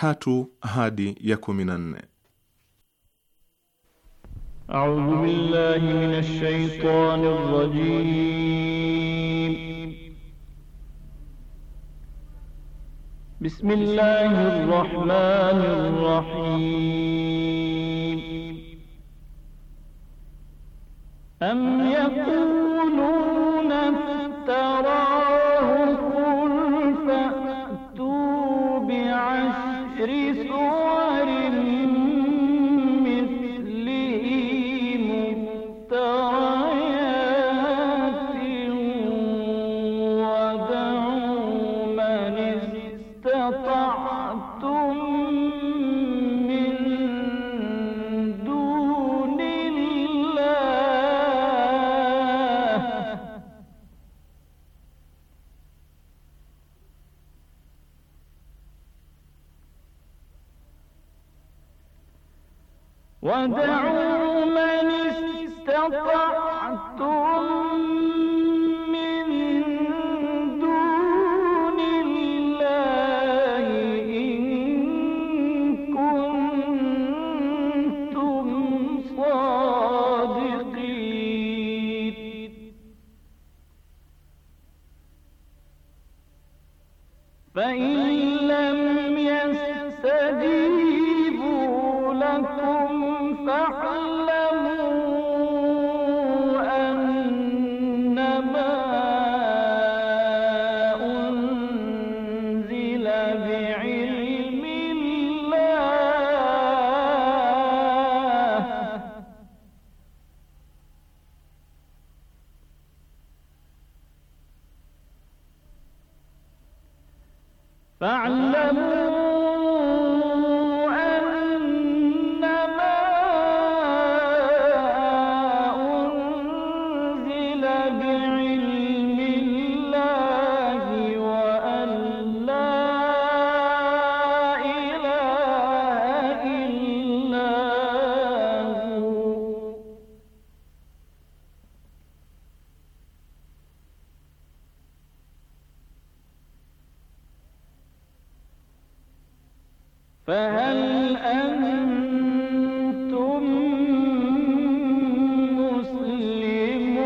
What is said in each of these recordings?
tatu hadi ya kumi na nne. A'udhu billahi minash shaitani rrajim. Bismillahir rahmanir فهل أنتم مسلمون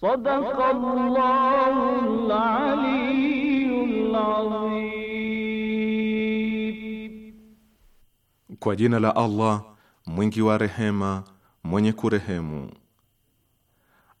صدق الله العلي العظيم كو جينا لا الله مونكي wa مونيكو mwenye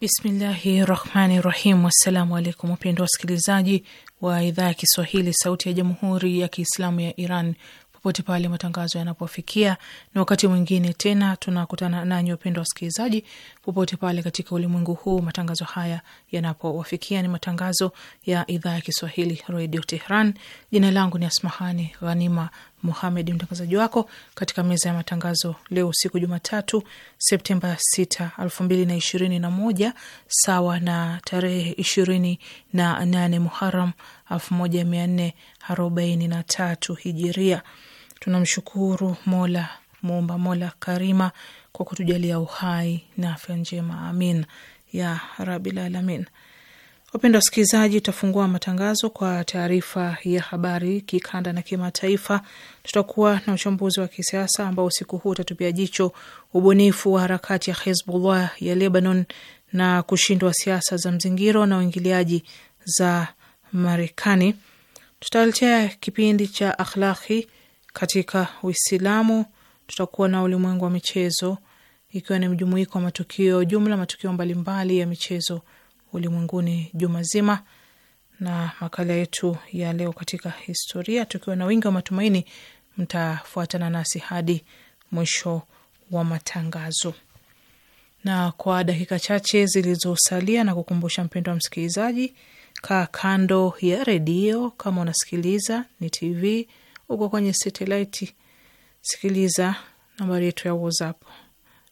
Bismillahi rahmani rahim. Wassalamu alaikum, wapendwa wasikilizaji wa idhaa ya Kiswahili sauti ya jamhuri ya Kiislamu ya Iran popote pale matangazo yanapofikia. Ni wakati mwingine tena tunakutana nanyi wapendwa wasikilizaji popote pale katika ulimwengu huu matangazo haya yanapowafikia. Ni matangazo ya idhaa ya Kiswahili redio Tehran. Jina langu ni Asmahani Ghanima Muhamed, mtangazaji wako katika meza ya matangazo leo usiku, Jumatatu Septemba 6, 2021 sawa na tarehe 28 Muharam 1443 Hijiria. Tunamshukuru Mola muomba Mola karima kwa kutujalia uhai na afya njema, amin ya rabil alamin. Wapenda wasikilizaji, tutafungua matangazo kwa taarifa ya habari kikanda na kimataifa. Tutakuwa na uchambuzi wa kisiasa ambao usiku huu utatupia jicho ubunifu wa harakati ya Hezbollah ya Lebanon na kushindwa siasa za mzingiro na uingiliaji za Marekani. Tutaletea kipindi cha akhlaki katika Uislamu tutakuwa na ulimwengu wa michezo, ikiwa ni mjumuiko wa matukio jumla, matukio mbalimbali ya michezo ulimwenguni juma zima, na makala yetu ya leo katika historia, tukiwa na wingi wa matumaini mtafuatana nasi hadi mwisho wa matangazo. Na kwa dakika chache zilizosalia, na kukumbusha mpendo wa msikilizaji, kaa kando ya redio kama unasikiliza ni TV, uko kwenye satelaiti sikiliza nambari yetu ya WhatsApp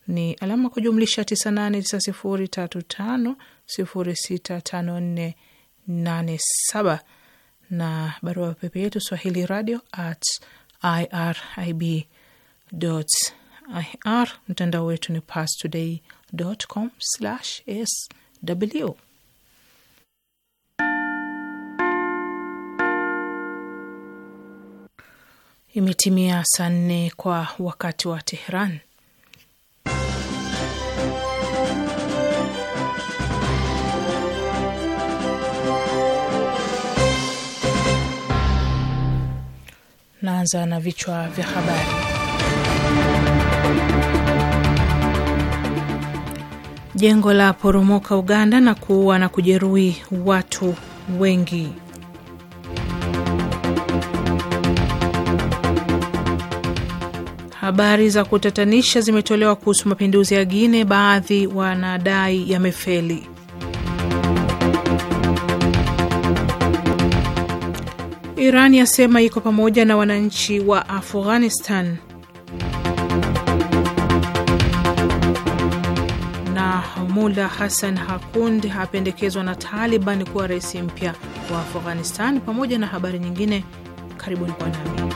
ni alama kujumlisha tisa nane tisa sifuri tatu tano sifuri sita tano nne nane saba na barua pepe yetu swahili radio at irib ir. Mtandao wetu ni pastoday.com/sw. Imetimia saa nne kwa wakati wa Tehran. Naanza na vichwa vya habari. Jengo la poromoka Uganda na kuua na kujeruhi watu wengi. Habari za kutatanisha zimetolewa kuhusu mapinduzi ya Guine, baadhi wanadai yamefeli. Iran yasema iko pamoja na wananchi wa Afghanistan. Na Mula Hassan Hakund apendekezwa na Taliban kuwa rais mpya wa Afghanistan, pamoja na habari nyingine. Karibuni kwa nami.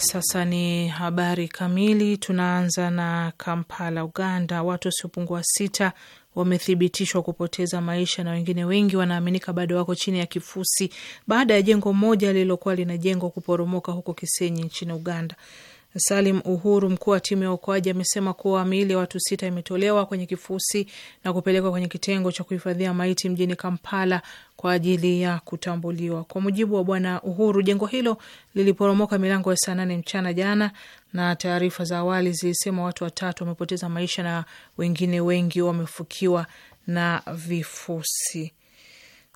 sasa ni habari kamili. Tunaanza na Kampala, Uganda. Watu wasiopungua sita wamethibitishwa kupoteza maisha na wengine wengi wanaaminika bado wako chini ya kifusi baada ya jengo moja lililokuwa linajengwa kuporomoka huko Kisenyi nchini Uganda. Salim Uhuru, mkuu wa timu ya uokoaji, amesema kuwa miili ya watu sita imetolewa kwenye kifusi na kupelekwa kwenye kitengo cha kuhifadhia maiti mjini Kampala kwa ajili ya kutambuliwa. Kwa mujibu wa Bwana Uhuru, jengo hilo liliporomoka milango ya saa nane mchana jana, na taarifa za awali zilisema watu watatu wamepoteza maisha na wengine wengi wamefukiwa na vifusi.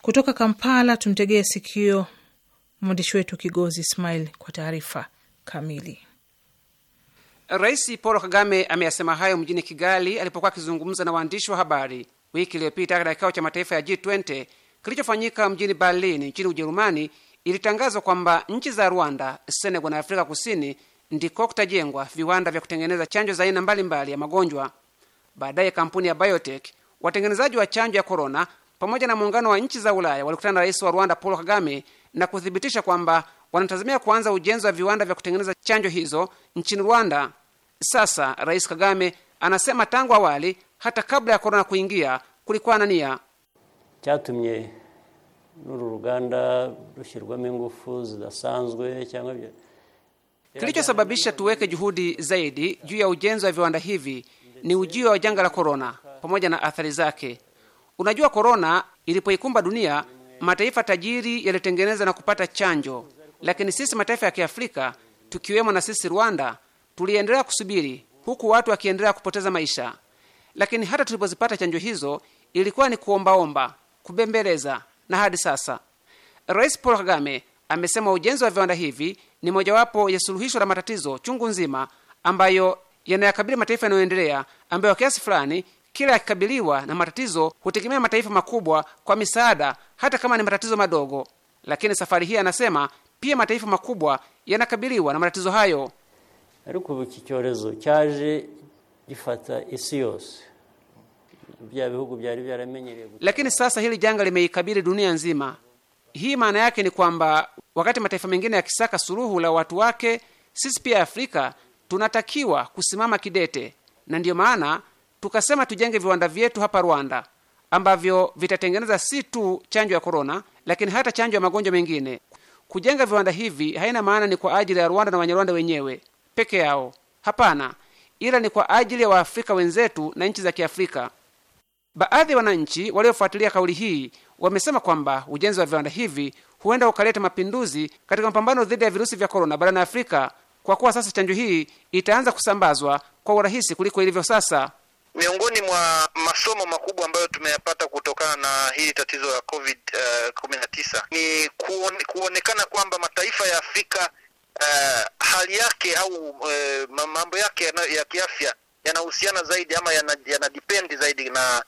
Kutoka Kampala tumtegee sikio mwandishi wetu Kigozi Ismail kwa taarifa kamili. Rais Paul Kagame ameyasema hayo mjini Kigali alipokuwa akizungumza na waandishi wa habari wiki iliyopita katika kikao cha mataifa ya G20 kilichofanyika mjini Berlin nchini Ujerumani. Ilitangazwa kwamba nchi za Rwanda, Senegal na Afrika Kusini ndiko kutajengwa viwanda vya kutengeneza chanjo za aina mbalimbali ya magonjwa. Baadaye kampuni ya Biotech, watengenezaji wa chanjo ya korona, pamoja na muungano wa nchi za Ulaya walikutana na rais wa Rwanda Paul Kagame na kuthibitisha kwamba wanatazamia kuanza ujenzi wa viwanda vya kutengeneza chanjo hizo nchini Rwanda. Sasa Rais Kagame anasema tangu awali, hata kabla ya korona kuingia, kulikuwa na nia chatumye nuru ruganda rushyirwamo ingufu zidasanzwe cyangwa kilichosababisha tuweke juhudi zaidi juu ya ujenzi wa viwanda hivi ni ujio wa janga la korona pamoja na athari zake. Unajua, korona ilipoikumba dunia, mataifa tajiri yalitengeneza na kupata chanjo, lakini sisi mataifa ya Kiafrika tukiwemo na sisi Rwanda tuliendelea kusubiri huku watu wakiendelea kupoteza maisha, lakini hata tulipozipata chanjo hizo ilikuwa ni kuombaomba, kubembeleza, na hadi sasa Rais Paul Kagame amesema ujenzi wa viwanda hivi ni mojawapo ya suluhisho la matatizo chungu nzima ambayo yanayakabili mataifa yanayoendelea, ambayo kiasi fulani kila yakikabiliwa na matatizo hutegemea mataifa makubwa kwa misaada, hata kama ni matatizo madogo. Lakini safari hii anasema pia mataifa makubwa yanakabiliwa na matatizo hayo ariko ubu iki cyorezo cyaje gifata isi yose bya bihugu byari byaramenyereye lakini sasa hili janga limeikabili dunia nzima hii maana yake ni kwamba wakati mataifa mengine yakisaka suluhu la watu wake sisi pia Afrika tunatakiwa kusimama kidete na ndiyo maana tukasema tujenge viwanda vyetu hapa Rwanda ambavyo vitatengeneza si tu chanjo ya korona lakini hata chanjo ya magonjwa mengine kujenga viwanda hivi haina maana ni kwa ajili ya Rwanda na Wanyarwanda wenyewe peke yao, hapana, ila ni kwa ajili ya Waafrika wenzetu na nchi za Kiafrika. Baadhi ya wananchi waliofuatilia kauli hii wamesema kwamba ujenzi wa viwanda hivi huenda ukaleta mapinduzi katika mapambano dhidi ya virusi vya korona barani Afrika, kwa kuwa sasa chanjo hii itaanza kusambazwa kwa urahisi kuliko ilivyo sasa. Miongoni mwa masomo makubwa ambayo tumeyapata kutokana na hili tatizo la COVID uh, eh, 19 ni kuone, kuonekana kwamba mataifa ya Afrika uh, hali yake au uh, mambo yake ya kiafya yanahusiana zaidi ama yanadipendi yana zaidi na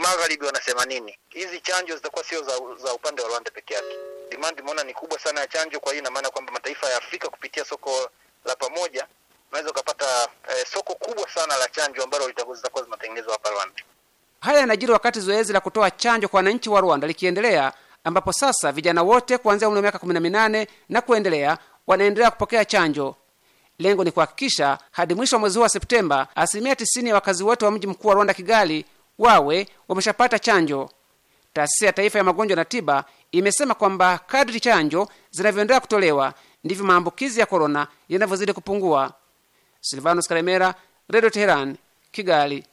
magharibi wanasema nini. Hizi chanjo zitakuwa sio za, za upande wa Rwanda peke yake. dimandi imeona ni kubwa sana ya chanjo, kwa hii ina maana kwamba mataifa ya Afrika kupitia soko la pamoja unaweza ukapata eh, soko kubwa sana la chanjo ambalo zitakuwa zinatengenezwa hapa Rwanda. Haya yanajiri wakati zoezi la kutoa chanjo kwa wananchi wa Rwanda likiendelea ambapo sasa vijana wote kuanzia umri wa miaka kumi na minane na kuendelea wanaendelea kupokea chanjo. Lengo ni kuhakikisha hadi mwisho wa mwezi huu wa Septemba asilimia 90 ya wakazi wote wa mji mkuu wa Rwanda, Kigali, wawe wameshapata chanjo. Taasisi ya Taifa ya Magonjwa na Tiba imesema kwamba kadri chanjo zinavyoendelea kutolewa ndivyo maambukizi ya korona yanavyozidi kupungua. Silvanus Karemera, Redio Teheran, Kigali.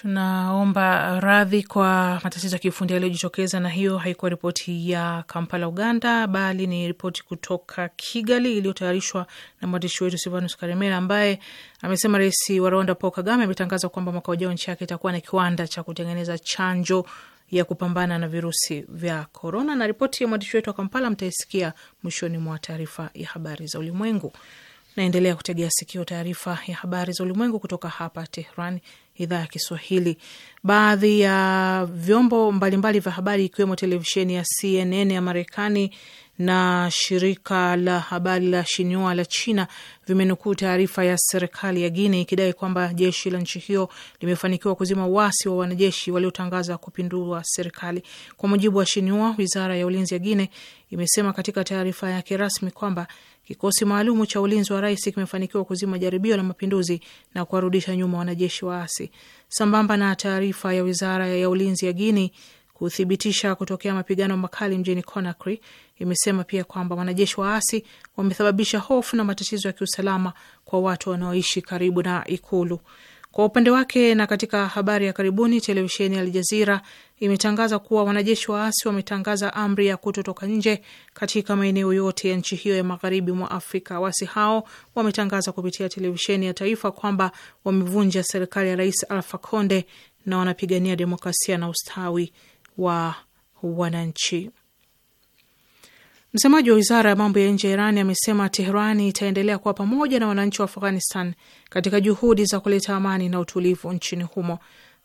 Tunaomba radhi kwa matatizo ya kiufundi yaliyojitokeza, na hiyo haikuwa ripoti ya Kampala, Uganda, bali ni ripoti kutoka Kigali iliyotayarishwa na mwandishi wetu Silvanus Karemera ambaye amesema rais wa Rwanda Paul Kagame ametangaza kwamba mwaka ujao nchi yake itakuwa na kiwanda cha kutengeneza chanjo ya kupambana na virusi vya korona. Na ripoti ya mwandishi wetu wa Kampala mtaisikia mwishoni mwa taarifa ya habari za ulimwengu. Naendelea kutegea sikio taarifa ya habari za ulimwengu kutoka hapa Tehran, idhaa ya Kiswahili. Baadhi ya vyombo mbalimbali vya habari ikiwemo televisheni ya CNN ya Marekani na shirika la habari la shinua la China vimenukuu taarifa ya serikali ya Guinea ikidai kwamba jeshi la nchi hiyo limefanikiwa kuzima uasi wa wanajeshi waliotangaza kupindua serikali. Kwa mujibu wa shinua wizara ya ulinzi ya Guinea imesema katika taarifa yake rasmi kwamba Kikosi maalumu cha ulinzi wa rais kimefanikiwa kuzima jaribio la mapinduzi na kuwarudisha nyuma wanajeshi waasi, sambamba na taarifa ya wizara ya ulinzi ya Guini kuthibitisha kutokea mapigano makali mjini Conakry. Imesema pia kwamba wanajeshi waasi wamesababisha hofu na matatizo ya kiusalama kwa watu wanaoishi karibu na ikulu. Kwa upande wake, na katika habari ya karibuni, televisheni ya Aljazira imetangaza kuwa wanajeshi waasi wametangaza amri ya kutotoka nje katika maeneo yote ya nchi hiyo ya magharibi mwa Afrika. Waasi hao wametangaza kupitia televisheni ya taifa kwamba wamevunja serikali ya Rais Alpha Conde na wanapigania demokrasia na ustawi wa wananchi. Msemaji wa wizara ya mambo ya nje ya Irani amesema Teherani itaendelea kuwa pamoja na wananchi wa Afghanistan katika juhudi za kuleta amani na utulivu nchini humo.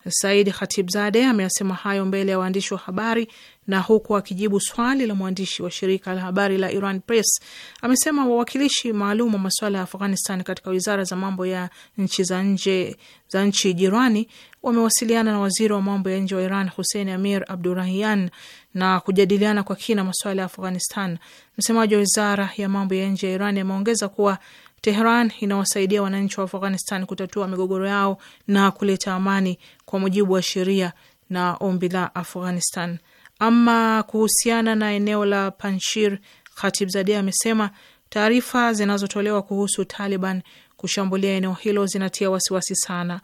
Said Khatibzade ameyasema hayo mbele ya waandishi wa habari na huku akijibu swali la mwandishi wa shirika la habari la Iran Press. Amesema wawakilishi maalum wa masuala ya Afghanistan katika wizara za mambo ya nchi za nje za nchi jirani wamewasiliana na waziri wa mambo ya nje wa Iran Hussein Amir Abdurahian na kujadiliana kwa kina masuala ya Afghanistan. Msemaji wa wizara ya mambo ya nje ya Iran ameongeza kuwa Tehran inawasaidia wananchi wa Afghanistan kutatua migogoro yao na kuleta amani kwa mujibu wa sheria na ombi la Afghanistan. Ama kuhusiana na eneo la Panshir, Khatibzadeh amesema taarifa zinazotolewa kuhusu Taliban kushambulia eneo hilo zinatia wasiwasi wasi sana.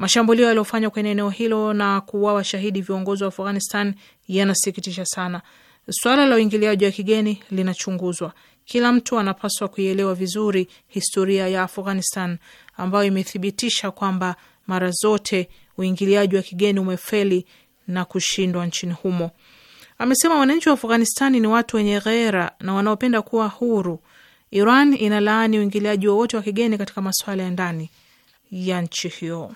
Mashambulio yaliyofanywa kwenye eneo hilo na kuwa washahidi viongozi wa Afghanistan yanasikitisha sana. Swala la uingiliaji wa kigeni linachunguzwa. Kila mtu anapaswa kuielewa vizuri historia ya Afghanistan ambayo imethibitisha kwamba mara zote uingiliaji wa kigeni umefeli na kushindwa nchini humo. Amesema wananchi wa Afghanistani ni watu wenye ghera na wanaopenda kuwa huru. Iran inalaani uingiliaji wowote wa, wa kigeni katika masuala ya ndani ya nchi hiyo.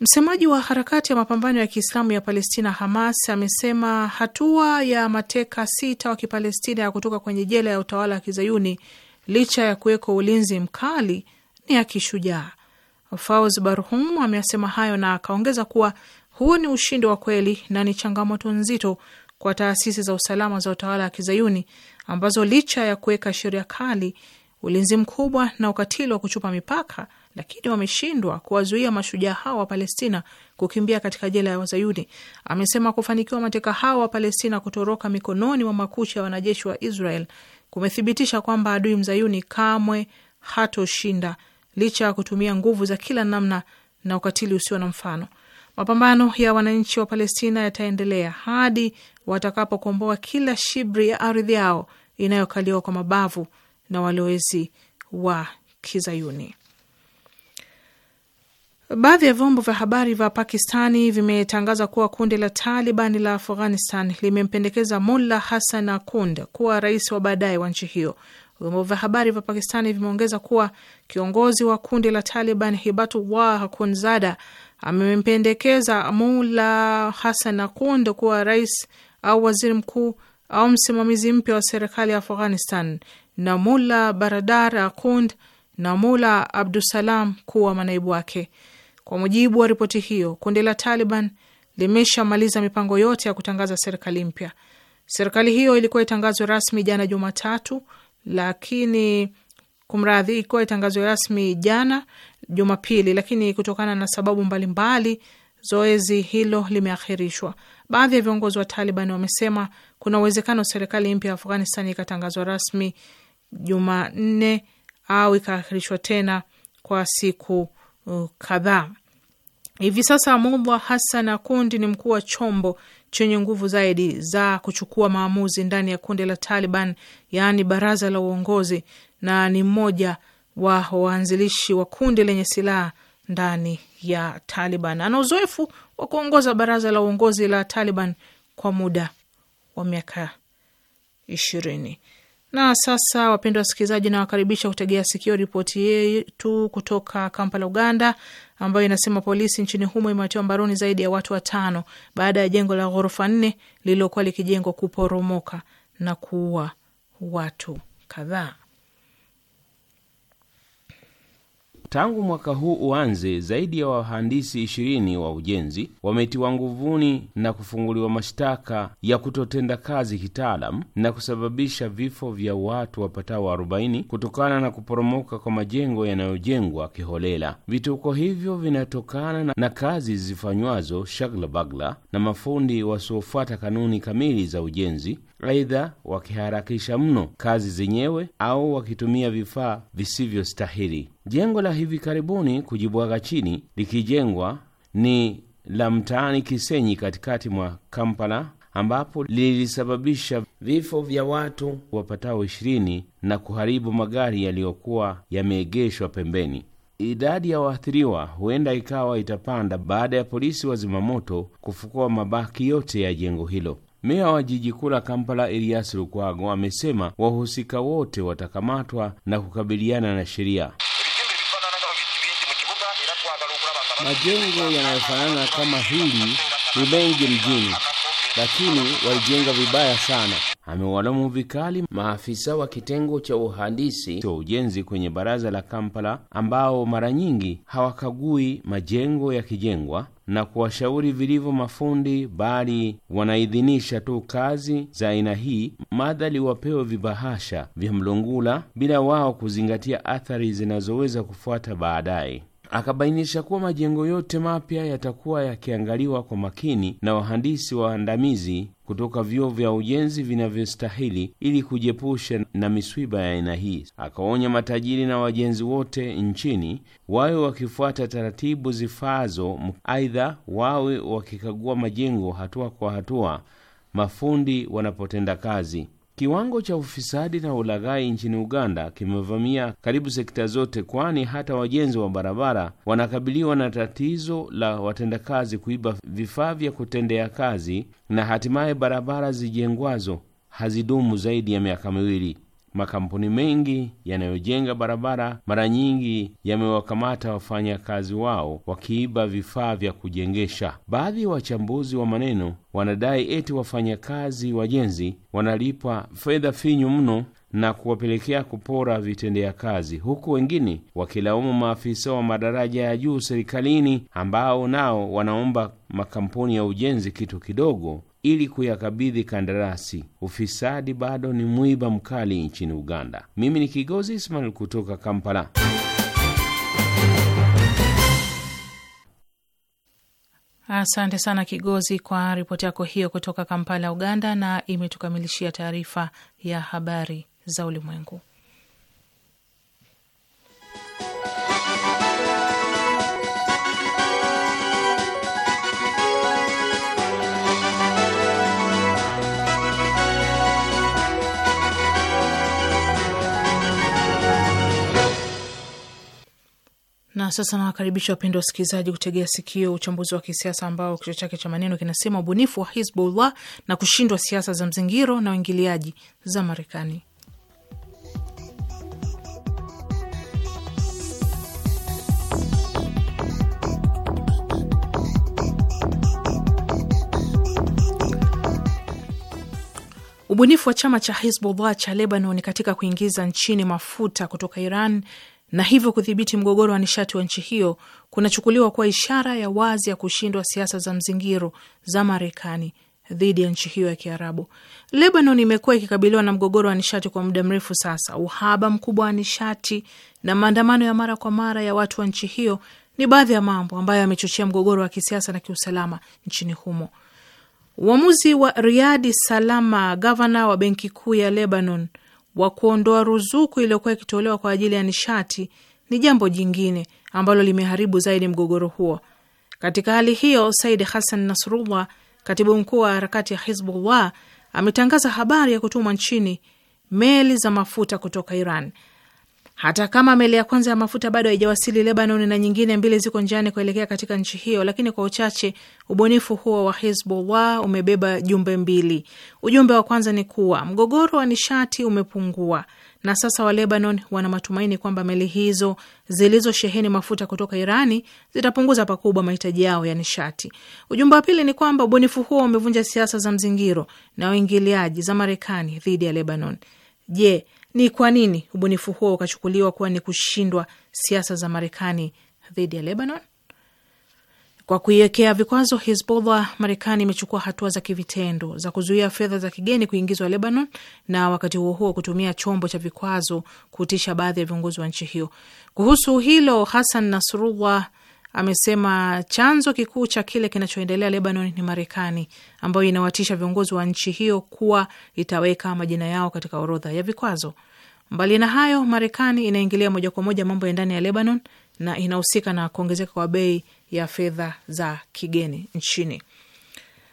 Msemaji wa harakati ya mapambano ya Kiislamu ya Palestina Hamas amesema hatua ya mateka sita wa Kipalestina ya kutoka kwenye jela ya utawala wa Kizayuni licha ya kuwekwa ulinzi mkali ni ya kishujaa. Fawzi Barhum ameasema hayo na akaongeza kuwa huu ni ushindi wa kweli na ni changamoto nzito kwa taasisi za usalama za utawala wa Kizayuni ambazo licha ya kuweka sheria kali, ulinzi mkubwa na ukatili wa kuchupa mipaka lakini wameshindwa kuwazuia mashujaa hao wa Palestina kukimbia katika jela ya Wazayuni. Amesema kufanikiwa mateka hao wa Palestina kutoroka mikononi mwa makucha ya wanajeshi wa Israel kumethibitisha kwamba adui mzayuni kamwe hatoshinda licha ya kutumia nguvu za kila namna na ukatili usio na mfano. Mapambano ya wananchi wa Palestina yataendelea hadi watakapokomboa kila shibri ya ardhi yao inayokaliwa kwa mabavu na walowezi wa Kizayuni. Baadhi ya vyombo vya habari vya Pakistani vimetangaza kuwa kundi la Taliban la Afghanistan limempendekeza Mulla Hassan Akund kuwa rais wa baadaye wa nchi hiyo. Vyombo vya habari vya Pakistani vimeongeza kuwa kiongozi wa kundi la Taliban Hibatullah Akunzada amempendekeza Mulla Hassan Akund kuwa rais au waziri mkuu au msimamizi mpya wa serikali ya Afghanistan na Mulla Baradar Akund na Mulla Abdusalam kuwa manaibu wake. Kwa mujibu wa ripoti hiyo, kundi la Taliban limeshamaliza mipango yote ya kutangaza serikali mpya. Serikali hiyo ilikuwa itangazwe rasmi jana Jumatatu, lakini kumradhi, ilikuwa itangazwe rasmi jana Jumapili, lakini kutokana na sababu mbalimbali mbali, zoezi hilo limeahirishwa. Baadhi ya viongozi wa Taliban wamesema kuna uwezekano serikali mpya ya Afghanistan ikatangazwa rasmi Jumanne au ikaahirishwa tena kwa siku kadhaa. Hivi sasa Mubwa Hassan Akundi ni mkuu wa chombo chenye nguvu zaidi za kuchukua maamuzi ndani ya kundi la Taliban, yaani baraza la uongozi, na ni mmoja wa waanzilishi wa kundi lenye silaha ndani ya Taliban. Ana uzoefu wa kuongoza baraza la uongozi la Taliban kwa muda wa miaka ishirini. Na sasa, wapendwa wasikilizaji, nawakaribisha kutegea sikio ripoti yetu kutoka Kampala, Uganda, ambayo inasema polisi nchini humo imewatiwa mbaroni zaidi ya watu watano baada ya jengo la ghorofa nne lililokuwa likijengwa kuporomoka na kuua watu kadhaa. Tangu mwaka huu uanze, zaidi ya wahandisi ishirini wa ujenzi wametiwa nguvuni na kufunguliwa mashtaka ya kutotenda kazi kitaalamu na kusababisha vifo vya watu wapatao arobaini kutokana na kuporomoka kwa majengo yanayojengwa kiholela. Vituko hivyo vinatokana na kazi zifanywazo shagla bagla na mafundi wasiofuata kanuni kamili za ujenzi aidha wakiharakisha mno kazi zenyewe au wakitumia vifaa visivyostahili. Jengo la hivi karibuni kujibwaga chini likijengwa ni la mtaani Kisenyi katikati mwa Kampala ambapo lilisababisha vifo vya watu wapatao ishirini na kuharibu magari yaliyokuwa yameegeshwa pembeni. Idadi ya waathiriwa huenda ikawa itapanda baada ya polisi wa zimamoto kufukua mabaki yote ya jengo hilo. Meya wa jiji kuu la Kampala Elias Lukwago amesema wahusika wote watakamatwa na kukabiliana na sheria. Majengo yanayofanana kama hili ni mengi mjini lakini walijenga vibaya sana. Amewalamu vikali maafisa wa kitengo cha uhandisi cha ujenzi kwenye baraza la Kampala, ambao mara nyingi hawakagui majengo yakijengwa na kuwashauri vilivyo mafundi, bali wanaidhinisha tu kazi za aina hii madhali wapewe vibahasha vya mlungula bila wao kuzingatia athari zinazoweza kufuata baadaye. Akabainisha kuwa majengo yote mapya yatakuwa yakiangaliwa kwa makini na wahandisi waandamizi kutoka vyuo vya ujenzi vinavyostahili ili kujepusha na miswiba ya aina hii. Akaonya matajiri na wajenzi wote nchini wawe wakifuata taratibu zifaazo. Aidha, wawe wakikagua majengo hatua kwa hatua mafundi wanapotenda kazi. Kiwango cha ufisadi na ulaghai nchini Uganda kimevamia karibu sekta zote, kwani hata wajenzi wa barabara wanakabiliwa na tatizo la watendakazi kuiba vifaa vya kutendea kazi, na hatimaye barabara zijengwazo hazidumu zaidi ya miaka miwili. Makampuni mengi yanayojenga barabara mara nyingi yamewakamata wafanyakazi wao wakiiba vifaa vya kujengesha. Baadhi ya wachambuzi wa maneno wanadai eti wafanyakazi wajenzi wanalipwa fedha finyu mno na kuwapelekea kupora vitendea kazi, huku wengine wakilaumu maafisa wa madaraja ya juu serikalini ambao nao wanaomba makampuni ya ujenzi kitu kidogo ili kuyakabidhi kandarasi. Ufisadi bado ni mwiba mkali nchini Uganda. Mimi ni Kigozi Ismail kutoka Kampala. Asante sana Kigozi kwa ripoti yako hiyo kutoka Kampala, Uganda, na imetukamilishia taarifa ya habari za ulimwengu. Na sasa nawakaribisha wapendwa wasikilizaji kutegea sikio uchambuzi wa kisiasa ambao kichwa chake cha maneno kinasema ubunifu wa Hizbullah na kushindwa siasa za mzingiro na uingiliaji za Marekani. Ubunifu wa chama cha Hizbullah cha Lebanon katika kuingiza nchini mafuta kutoka Iran na hivyo kudhibiti mgogoro wa nishati wa nchi hiyo kunachukuliwa kuwa ishara ya wazi ya kushindwa siasa za mzingiro za Marekani dhidi ya nchi hiyo ya Kiarabu. Lebanon imekuwa ikikabiliwa na mgogoro wa nishati kwa muda mrefu sasa. Uhaba mkubwa wa nishati na maandamano ya mara kwa mara ya watu wa nchi hiyo ni baadhi ya mambo ambayo yamechochea mgogoro wa kisiasa na kiusalama nchini humo. Uamuzi wa Riadi Salama, gavana wa benki kuu ya Lebanon, wa kuondoa ruzuku iliyokuwa ikitolewa kwa ajili ya nishati ni jambo jingine ambalo limeharibu zaidi mgogoro huo. Katika hali hiyo, Said Hassan Nasrullah, katibu mkuu wa harakati ya Hizbullah, ametangaza habari ya kutumwa nchini meli za mafuta kutoka Iran hata kama meli ya kwanza ya mafuta bado haijawasili Lebanon na nyingine mbili ziko njiani kuelekea katika nchi hiyo, lakini kwa uchache ubunifu huo wa Hezbollah umebeba jumbe mbili. Ujumbe wa kwanza ni kuwa mgogoro wa nishati umepungua na sasa wa Lebanon wana matumaini kwamba meli hizo zilizosheheni mafuta kutoka Irani zitapunguza pakubwa mahitaji yao ya nishati. Ujumbe wa pili ni kwamba ubunifu huo umevunja siasa za mzingiro na uingiliaji za Marekani dhidi ya Lebanon. Je, ni kwa nini ubunifu huo ukachukuliwa kuwa ni kushindwa siasa za Marekani dhidi ya Lebanon? Kwa kuiwekea vikwazo Hizbullah, Marekani imechukua hatua za kivitendo za kuzuia fedha za kigeni kuingizwa Lebanon na wakati huo huo kutumia chombo cha vikwazo kutisha baadhi ya viongozi wa nchi hiyo. Kuhusu hilo, Hasan Nasrullah amesema chanzo kikuu cha kile kinachoendelea Lebanon ni Marekani ambayo inawatisha viongozi wa nchi hiyo kuwa itaweka majina yao katika orodha ya vikwazo. Mbali na hayo, Marekani inaingilia moja kwa moja mambo ya ndani ya Lebanon na inahusika na kuongezeka kwa bei ya fedha za kigeni nchini.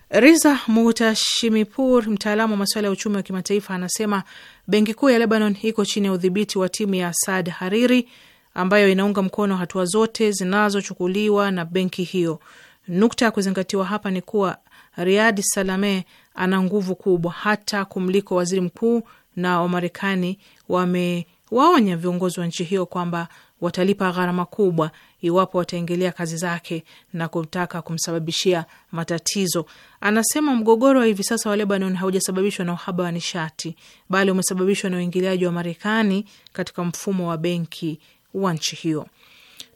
Riza Mutashimipur, mtaalamu wa masuala ya uchumi wa kimataifa, anasema benki kuu ya Lebanon iko chini ya udhibiti wa timu ya Saad Hariri ambayo inaunga mkono hatua zote zinazochukuliwa na benki hiyo. Nukta ya kuzingatiwa hapa ni kuwa Riyad Salame ana nguvu kubwa hata kumliko waziri mkuu, na Wamarekani wamewaonya viongozi wa nchi hiyo kwamba watalipa gharama kubwa iwapo wataingilia kazi zake na kutaka kumsababishia matatizo. Anasema mgogoro wa hivi sasa wa Lebanon haujasababishwa na uhaba wa nishati, bali umesababishwa na uingiliaji wa Marekani katika mfumo wa benki wa nchi hiyo.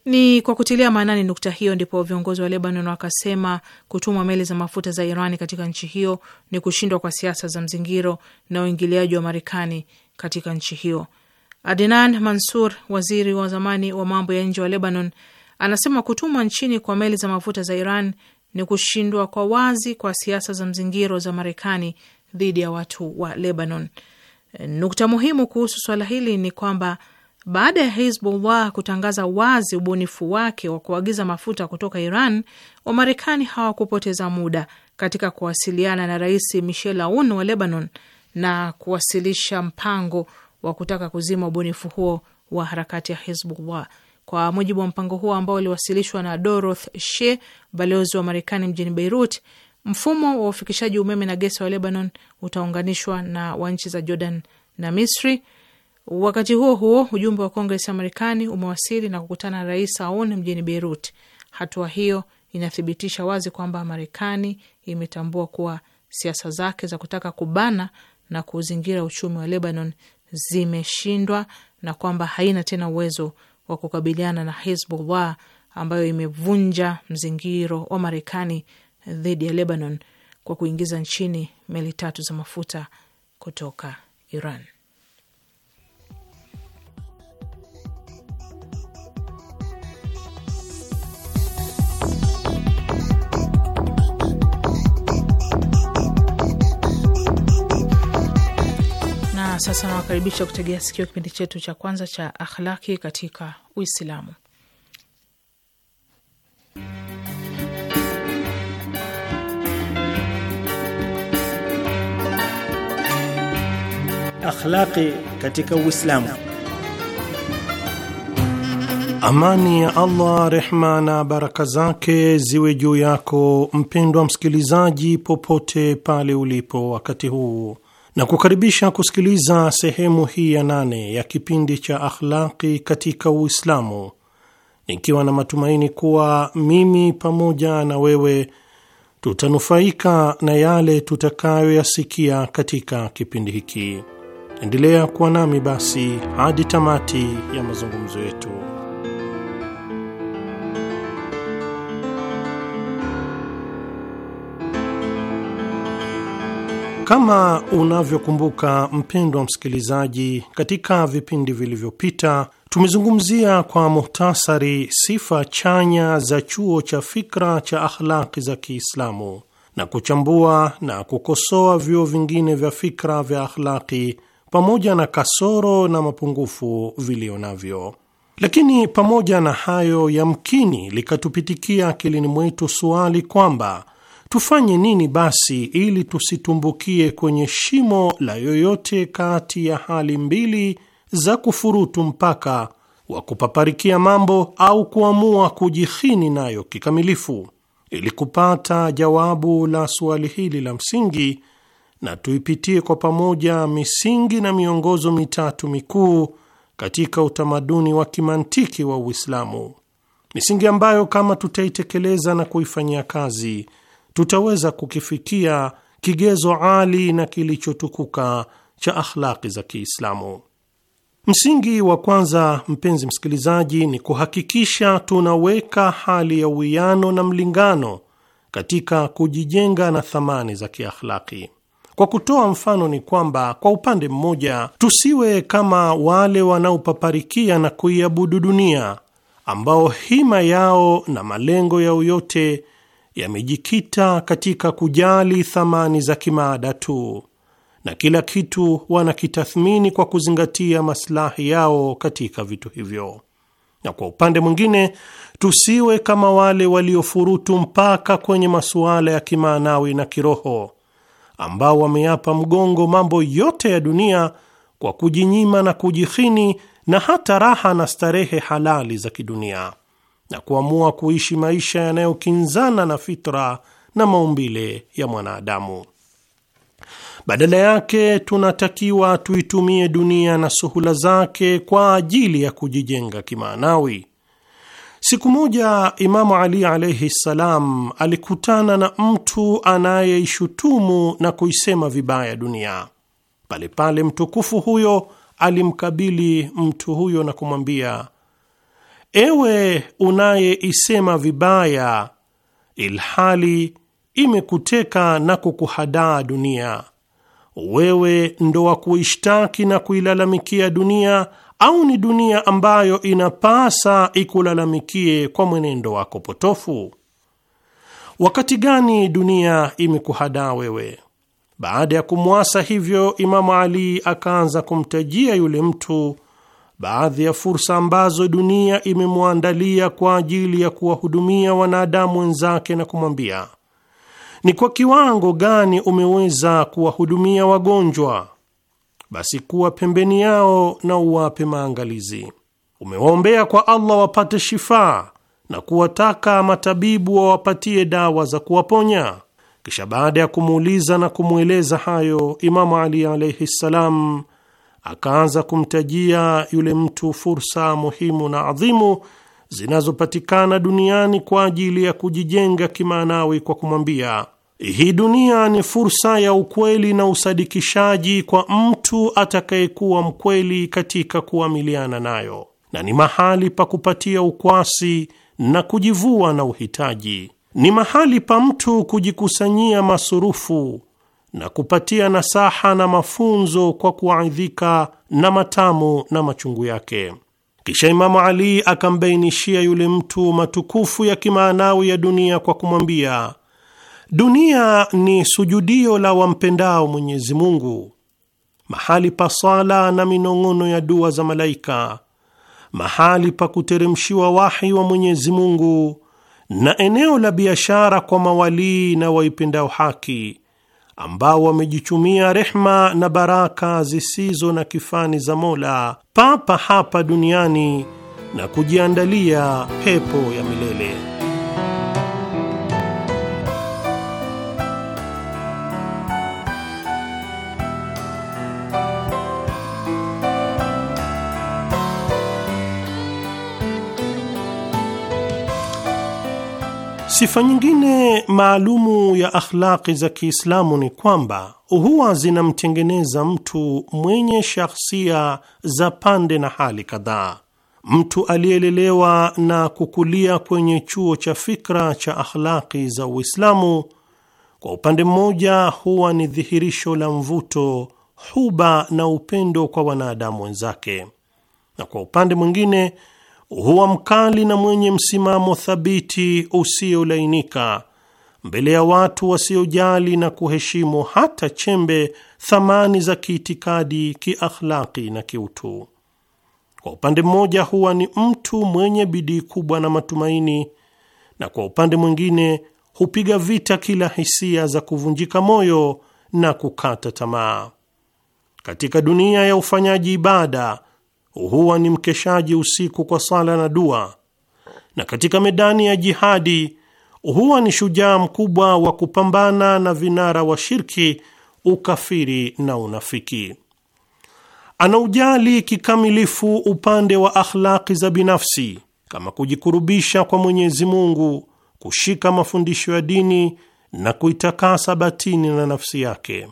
Ni kwa kutilia maanani nukta hiyo ndipo viongozi wa Lebanon wakasema kutumwa meli za mafuta za Irani katika nchi hiyo ni kushindwa kwa siasa za mzingiro na uingiliaji wa Marekani katika nchi hiyo. Adnan Mansur, waziri wa zamani wa mambo ya nje wa Lebanon, anasema kutumwa nchini kwa meli za mafuta za Iran ni kushindwa kwa wazi kwa siasa za mzingiro za Marekani dhidi ya watu wa Lebanon. Nukta muhimu kuhusu swala hili ni kwamba baada ya Hezbollah kutangaza wazi ubunifu wake wa kuagiza mafuta kutoka Iran, Wamarekani hawakupoteza muda katika kuwasiliana na Rais Michel Aoun wa Lebanon na kuwasilisha mpango wa kutaka kuzima ubunifu huo wa harakati ya Hezbollah. Kwa mujibu wa mpango huo ambao uliwasilishwa na Doroth She, balozi wa Marekani mjini Beirut, mfumo wa ufikishaji umeme na gesi wa Lebanon utaunganishwa na wa nchi za Jordan na Misri Wakati huo huo, ujumbe wa Kongres ya Marekani umewasili na kukutana na Rais Aoun mjini Beirut. Hatua hiyo inathibitisha wazi kwamba Marekani imetambua kuwa siasa zake za kutaka kubana na kuzingira uchumi wa Lebanon zimeshindwa na kwamba haina tena uwezo wa kukabiliana na Hizbullah ambayo imevunja mzingiro wa Marekani dhidi ya Lebanon kwa kuingiza nchini meli tatu za mafuta kutoka Iran. sasa nawakaribisha kutegea sikio kipindi chetu cha kwanza cha akhlaki katika Uislamu. Akhlaqi katika Uislamu. Amani ya Allah, rehma na baraka zake ziwe juu yako mpendwa msikilizaji, popote pale ulipo wakati huu na kukaribisha kusikiliza sehemu hii ya nane ya kipindi cha Akhlaqi katika Uislamu, nikiwa na matumaini kuwa mimi pamoja na wewe tutanufaika na yale tutakayoyasikia katika kipindi hiki. Endelea kuwa nami basi hadi tamati ya mazungumzo yetu. Kama unavyokumbuka mpendwa msikilizaji, katika vipindi vilivyopita tumezungumzia kwa muhtasari sifa chanya za chuo cha fikra cha akhlaqi za Kiislamu na kuchambua na kukosoa vyuo vingine vya fikra vya akhlaqi pamoja na kasoro na mapungufu viliyo navyo. Lakini pamoja na hayo, yamkini likatupitikia akilini mwetu suali kwamba Tufanye nini basi ili tusitumbukie kwenye shimo la yoyote kati ya hali mbili za kufurutu mpaka wa kupaparikia mambo au kuamua kujihini nayo kikamilifu? Ili kupata jawabu la suali hili la msingi, na tuipitie kwa pamoja misingi na miongozo mitatu mikuu katika utamaduni wa kimantiki wa Uislamu, misingi ambayo kama tutaitekeleza na kuifanyia kazi tutaweza kukifikia kigezo ali na kilichotukuka cha akhlaqi za Kiislamu. Msingi wa kwanza, mpenzi msikilizaji, ni kuhakikisha tunaweka hali ya uwiano na mlingano katika kujijenga na thamani za kiakhlaki. Kwa kutoa mfano, ni kwamba kwa upande mmoja tusiwe kama wale wanaopaparikia na kuiabudu dunia, ambao hima yao na malengo yao yote yamejikita katika kujali thamani za kimaada tu na kila kitu wanakitathmini kwa kuzingatia maslahi yao katika vitu hivyo. Na kwa upande mwingine, tusiwe kama wale waliofurutu mpaka kwenye masuala ya kimaanawi na kiroho, ambao wameyapa mgongo mambo yote ya dunia kwa kujinyima na kujihini na hata raha na starehe halali za kidunia na kuamua kuishi maisha yanayokinzana na fitra na maumbile ya mwanadamu. Badala yake tunatakiwa tuitumie dunia na suhula zake kwa ajili ya kujijenga kimaanawi. Siku moja Imamu Ali alaihi ssalam alikutana na mtu anayeishutumu na kuisema vibaya dunia. Palepale mtukufu huyo alimkabili mtu huyo na kumwambia Ewe unayeisema vibaya, ilhali imekuteka na kukuhadaa dunia, wewe ndo wa kuishtaki na kuilalamikia dunia, au ni dunia ambayo inapasa ikulalamikie kwa mwenendo wako potofu? Wakati gani dunia imekuhadaa wewe? Baada ya kumwasa hivyo, Imamu Ali akaanza kumtajia yule mtu baadhi ya fursa ambazo dunia imemwandalia kwa ajili ya kuwahudumia wanadamu wenzake na kumwambia ni kwa kiwango gani umeweza kuwahudumia wagonjwa, basi kuwa pembeni yao na uwape maangalizi. Umewaombea kwa Allah wapate shifaa na kuwataka matabibu wawapatie dawa za kuwaponya. Kisha baada ya kumuuliza na kumweleza hayo, Imamu Ali alaihi ssalam akaanza kumtajia yule mtu fursa muhimu na adhimu zinazopatikana duniani kwa ajili ya kujijenga kimaanawi kwa kumwambia, hii dunia ni fursa ya ukweli na usadikishaji kwa mtu atakayekuwa mkweli katika kuamiliana nayo, na ni mahali pa kupatia ukwasi na kujivua na uhitaji, ni mahali pa mtu kujikusanyia masurufu na kupatia nasaha na mafunzo kwa kuaidhika na matamu na machungu yake. Kisha Imamu Ali akambainishia yule mtu matukufu ya kimaanawi ya dunia kwa kumwambia, dunia ni sujudio la wampendao Mwenyezi Mungu, mahali pa sala na minong'ono ya dua za malaika, mahali pa kuteremshiwa wahi wa Mwenyezi Mungu na eneo la biashara kwa mawalii na waipendao haki ambao wamejichumia rehma na baraka zisizo na kifani za Mola papa hapa duniani na kujiandalia pepo ya milele. Sifa nyingine maalumu ya akhlaqi za Kiislamu ni kwamba huwa zinamtengeneza mtu mwenye shahsia za pande na hali kadhaa. Mtu aliyelelewa na kukulia kwenye chuo cha fikra cha akhlaqi za Uislamu, kwa upande mmoja, huwa ni dhihirisho la mvuto, huba na upendo kwa wanadamu wenzake, na kwa upande mwingine huwa mkali na mwenye msimamo thabiti usiolainika mbele ya watu wasiojali na kuheshimu hata chembe thamani za kiitikadi, kiakhlaki na kiutu. Kwa upande mmoja huwa ni mtu mwenye bidii kubwa na matumaini, na kwa upande mwingine hupiga vita kila hisia za kuvunjika moyo na kukata tamaa. Katika dunia ya ufanyaji ibada huwa ni mkeshaji usiku kwa sala na dua, na katika medani ya jihadi huwa ni shujaa mkubwa wa kupambana na vinara wa shirki, ukafiri na unafiki. Anaujali kikamilifu upande wa akhlaki za binafsi kama kujikurubisha kwa Mwenyezi Mungu, kushika mafundisho ya dini na kuitakasa batini na nafsi yake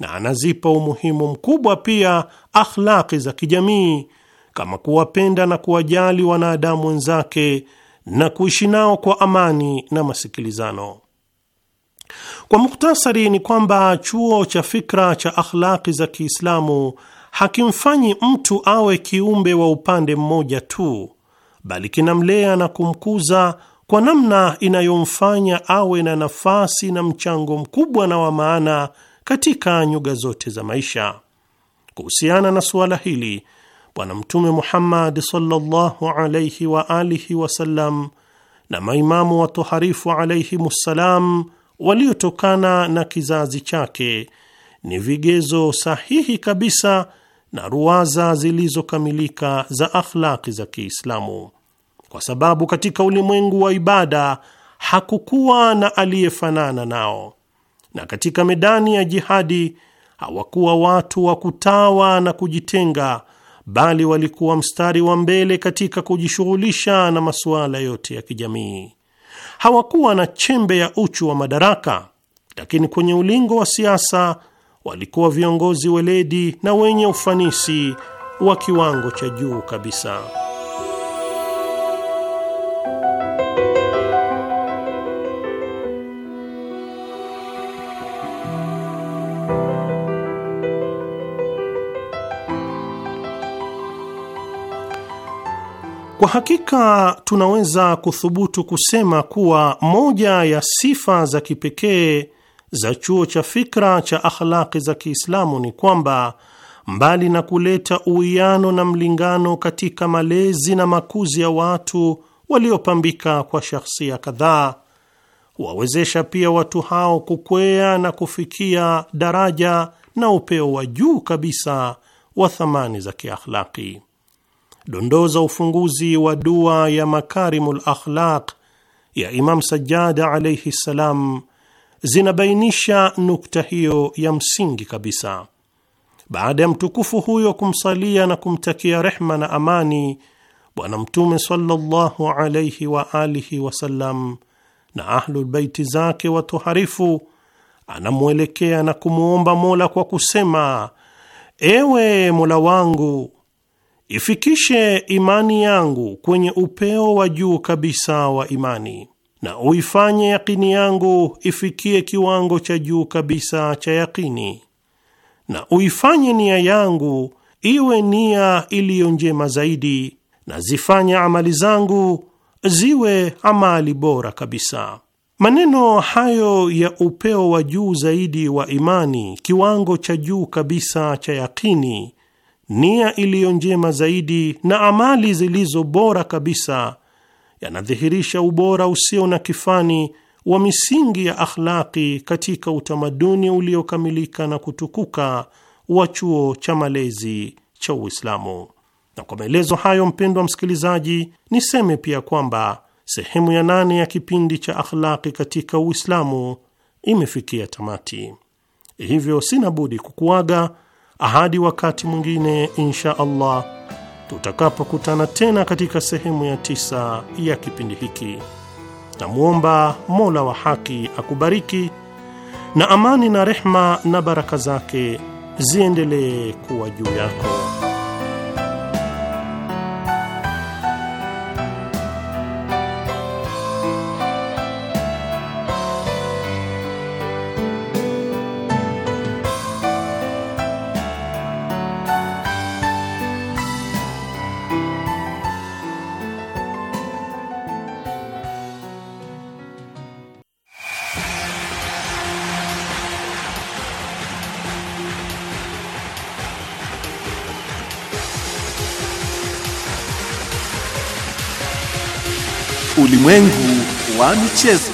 na anazipa umuhimu mkubwa pia akhlaqi za kijamii kama kuwapenda na kuwajali wanadamu wenzake na kuishi nao kwa amani na masikilizano. Kwa muktasari, ni kwamba chuo cha fikra cha akhlaqi za Kiislamu hakimfanyi mtu awe kiumbe wa upande mmoja tu, bali kinamlea na kumkuza kwa namna inayomfanya awe na nafasi na mchango mkubwa na wa maana katika nyuga zote za maisha. Kuhusiana na suala hili, Bwana Mtume Muhammad sallallahu alaihi wa alihi wasallam na maimamu watoharifu ssalam waliotokana na kizazi chake ni vigezo sahihi kabisa na ruwaza zilizokamilika za akhlaki za Kiislamu, kwa sababu katika ulimwengu wa ibada hakukuwa na aliyefanana nao na katika medani ya jihadi hawakuwa watu wa kutawa na kujitenga, bali walikuwa mstari wa mbele katika kujishughulisha na masuala yote ya kijamii. Hawakuwa na chembe ya uchu wa madaraka, lakini kwenye ulingo wa siasa walikuwa viongozi weledi na wenye ufanisi wa kiwango cha juu kabisa. Kwa hakika tunaweza kuthubutu kusema kuwa moja ya sifa za kipekee za chuo cha fikra cha akhlaqi za Kiislamu ni kwamba mbali na kuleta uwiano na mlingano katika malezi na makuzi ya watu waliopambika kwa shahsia kadhaa, huwawezesha pia watu hao kukwea na kufikia daraja na upeo wa juu kabisa wa thamani za kiakhlaqi dondoo za ufunguzi wa dua ya makarimul akhlaq ya Imam Sajjad alayhi ssalam zinabainisha nukta hiyo ya msingi kabisa. Baada ya mtukufu huyo kumsalia na kumtakia rehma na amani Bwana Mtume sallallahu alayhi wa alihi wasallam na ahlulbaiti zake watoharifu, anamwelekea na kumwomba Mola kwa kusema: ewe Mola wangu Ifikishe imani yangu kwenye upeo wa juu kabisa wa imani, na uifanye yakini yangu ifikie kiwango cha juu kabisa cha yakini, na uifanye nia yangu iwe nia iliyo njema zaidi, na zifanye amali zangu ziwe amali bora kabisa. Maneno hayo ya upeo wa juu zaidi wa imani, kiwango cha juu kabisa cha yakini nia iliyo njema zaidi na amali zilizo bora kabisa yanadhihirisha ubora usio na kifani wa misingi ya akhlaqi katika utamaduni uliokamilika na kutukuka wa chuo cha malezi cha Uislamu. Na kwa maelezo hayo, mpendwa msikilizaji, niseme pia kwamba sehemu ya nane ya kipindi cha akhlaqi katika Uislamu imefikia tamati, hivyo sina budi kukuaga Ahadi wakati mwingine insha Allah tutakapokutana tena katika sehemu ya tisa ya kipindi hiki. Namwomba Mola wa haki akubariki na amani na rehma na baraka zake ziendelee kuwa juu yako. Ulimwengu wa michezo.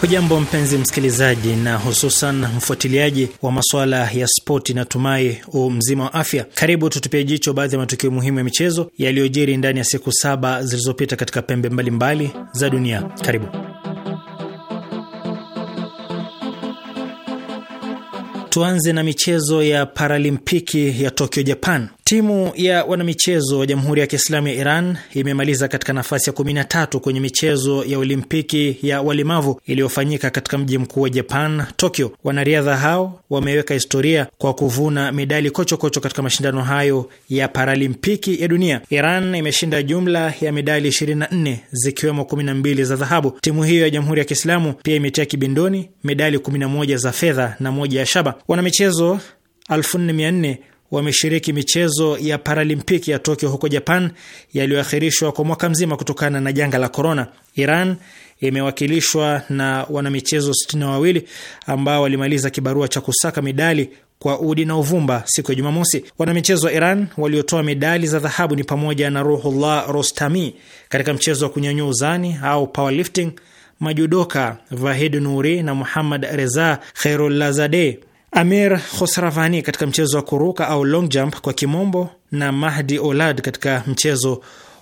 Hujambo mpenzi msikilizaji na hususan mfuatiliaji wa masuala ya spoti, na tumai u mzima wa afya. Karibu tutupia jicho baadhi ya matukio muhimu ya michezo yaliyojiri ndani ya siku saba zilizopita katika pembe mbalimbali mbali za dunia. Karibu. Tuanze na michezo ya Paralimpiki ya Tokyo, Japan. Timu ya wanamichezo wa Jamhuri ya Kiislamu ya Iran imemaliza katika nafasi ya 13 kwenye michezo ya Olimpiki ya walemavu iliyofanyika katika mji mkuu wa Japan, Tokyo. Wanariadha hao wameweka historia kwa kuvuna medali kochokocho kocho katika mashindano hayo ya Paralimpiki ya dunia. Iran imeshinda jumla ya medali 24 zikiwemo 12 za dhahabu. Timu hiyo ya Jamhuri ya Kiislamu pia imetia kibindoni medali 11 za fedha na moja ya shaba. Wanamichezo 1400 wameshiriki michezo ya Paralimpiki ya Tokyo huko Japan yaliyoakhirishwa kwa mwaka mzima kutokana na janga la korona. Iran imewakilishwa na wanamichezo sitini na wawili ambao walimaliza kibarua cha kusaka midali kwa udi na uvumba siku ya Jumamosi. Wanamichezo wa Iran waliotoa medali za dhahabu ni pamoja na Ruhullah Rostami katika mchezo wa kunyanyua uzani au powerlifting, majudoka Vahid Nuri na Muhammad Reza Khairulazadeh Amir Khosravani katika mchezo wa kuruka au long jump kwa kimombo, na Mahdi Olad katika mchezo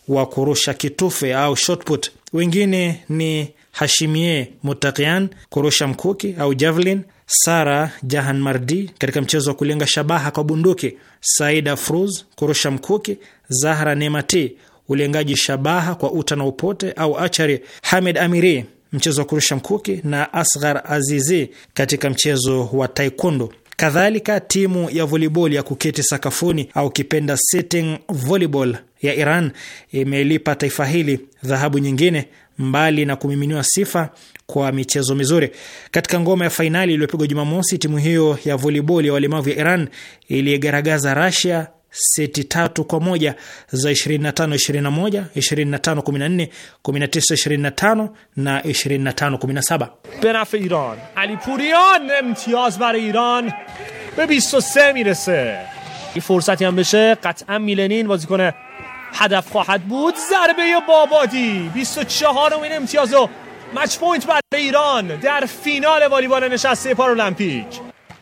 wa kurusha kitufe au shotput. Wengine ni Hashimie Mutakian kurusha mkuki au javelin, Sara Jahan Mardi katika mchezo wa kulenga shabaha kwa bunduki, saida fruz kurusha mkuki, Zahra Nemati ulengaji shabaha kwa uta na upote au achari, Hamed Amiri mchezo wa kurusha mkuki na Asghar Azizi katika mchezo wa taekwondo. Kadhalika, timu ya volleyball ya kuketi sakafuni au kipenda sitting volleyball ya Iran imelipa taifa hili dhahabu nyingine, mbali na kumiminiwa sifa kwa michezo mizuri. Katika ngoma ya fainali iliyopigwa Jumamosi, timu hiyo ya volleyball ya walemavu ya Iran iliyegaragaza Russia seti tatu به نفع ایران علی پوریان امتیاز برای ایران به 23 میرسه. این فرصتی هم بشه قطعا میلنین بازیکن هدف خواهد بود. ضربه بابادی 24 امتیاز امتیازو مچ پوینت برای ایران در فینال والیبال نشسته پارالمپیک.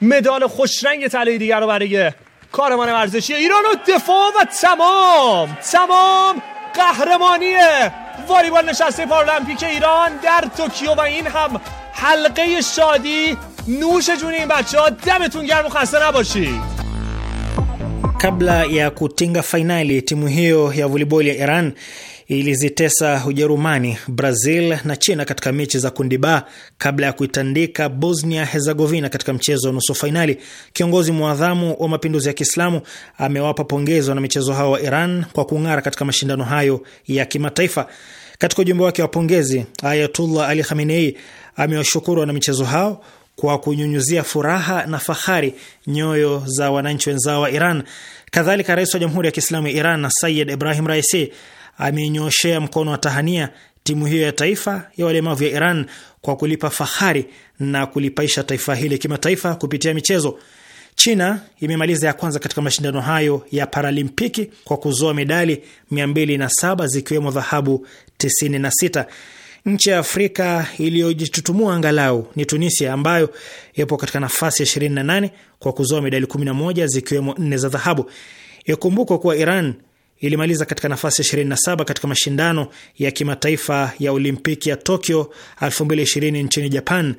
مدال خوشرنگ طلای دیگر رو برای کارمان ورزشی ایران و دفاع و تمام تمام قهرمانی والیبال نشسته پارالمپیک ایران در توکیو و این هم حلقه شادی نوش جون این بچه ها دمتون گرم و خسته نباشی Kabla ya kutinga fainali timu hiyo ya voliboli ya ilizitesa Ujerumani, Brazil na China katika mechi za kundi ba kabla ya kuitandika Bosnia Herzegovina katika mchezo wa nusu fainali. Kiongozi mwadhamu wa mapinduzi ya Kiislamu amewapa pongezi michezo hao wa Iran kwa kung'ara katika mashindano hayo ya kimataifa. Katika ujumbe wake wa pongezi, Ayatullah Ali Khamenei amewashukuru michezo hao kwa kunyunyuzia furaha na fahari nyoyo za wananchi wenzao wa Iran. Kadhalika, rais wa Jamhuri ya Kiislamu ya Iran Sayid Ibrahim Raisi ameinyoshea mkono wa tahania timu hiyo ya taifa ya walemavu ya Iran kwa kulipa fahari na kulipaisha taifa hili kimataifa kupitia michezo. China imemaliza ya kwanza katika mashindano hayo ya Paralimpiki kwa kuzoa medali 207 zikiwemo dhahabu 96. Nchi ya Afrika iliyojitutumua angalau ni Tunisia ambayo ipo katika nafasi ya 28 kwa kuzoa medali 11 zikiwemo nne za dhahabu. Ikumbukwa kuwa Iran ilimaliza katika nafasi ya 27 katika mashindano ya kimataifa ya Olimpiki ya Tokyo 2020 nchini Japan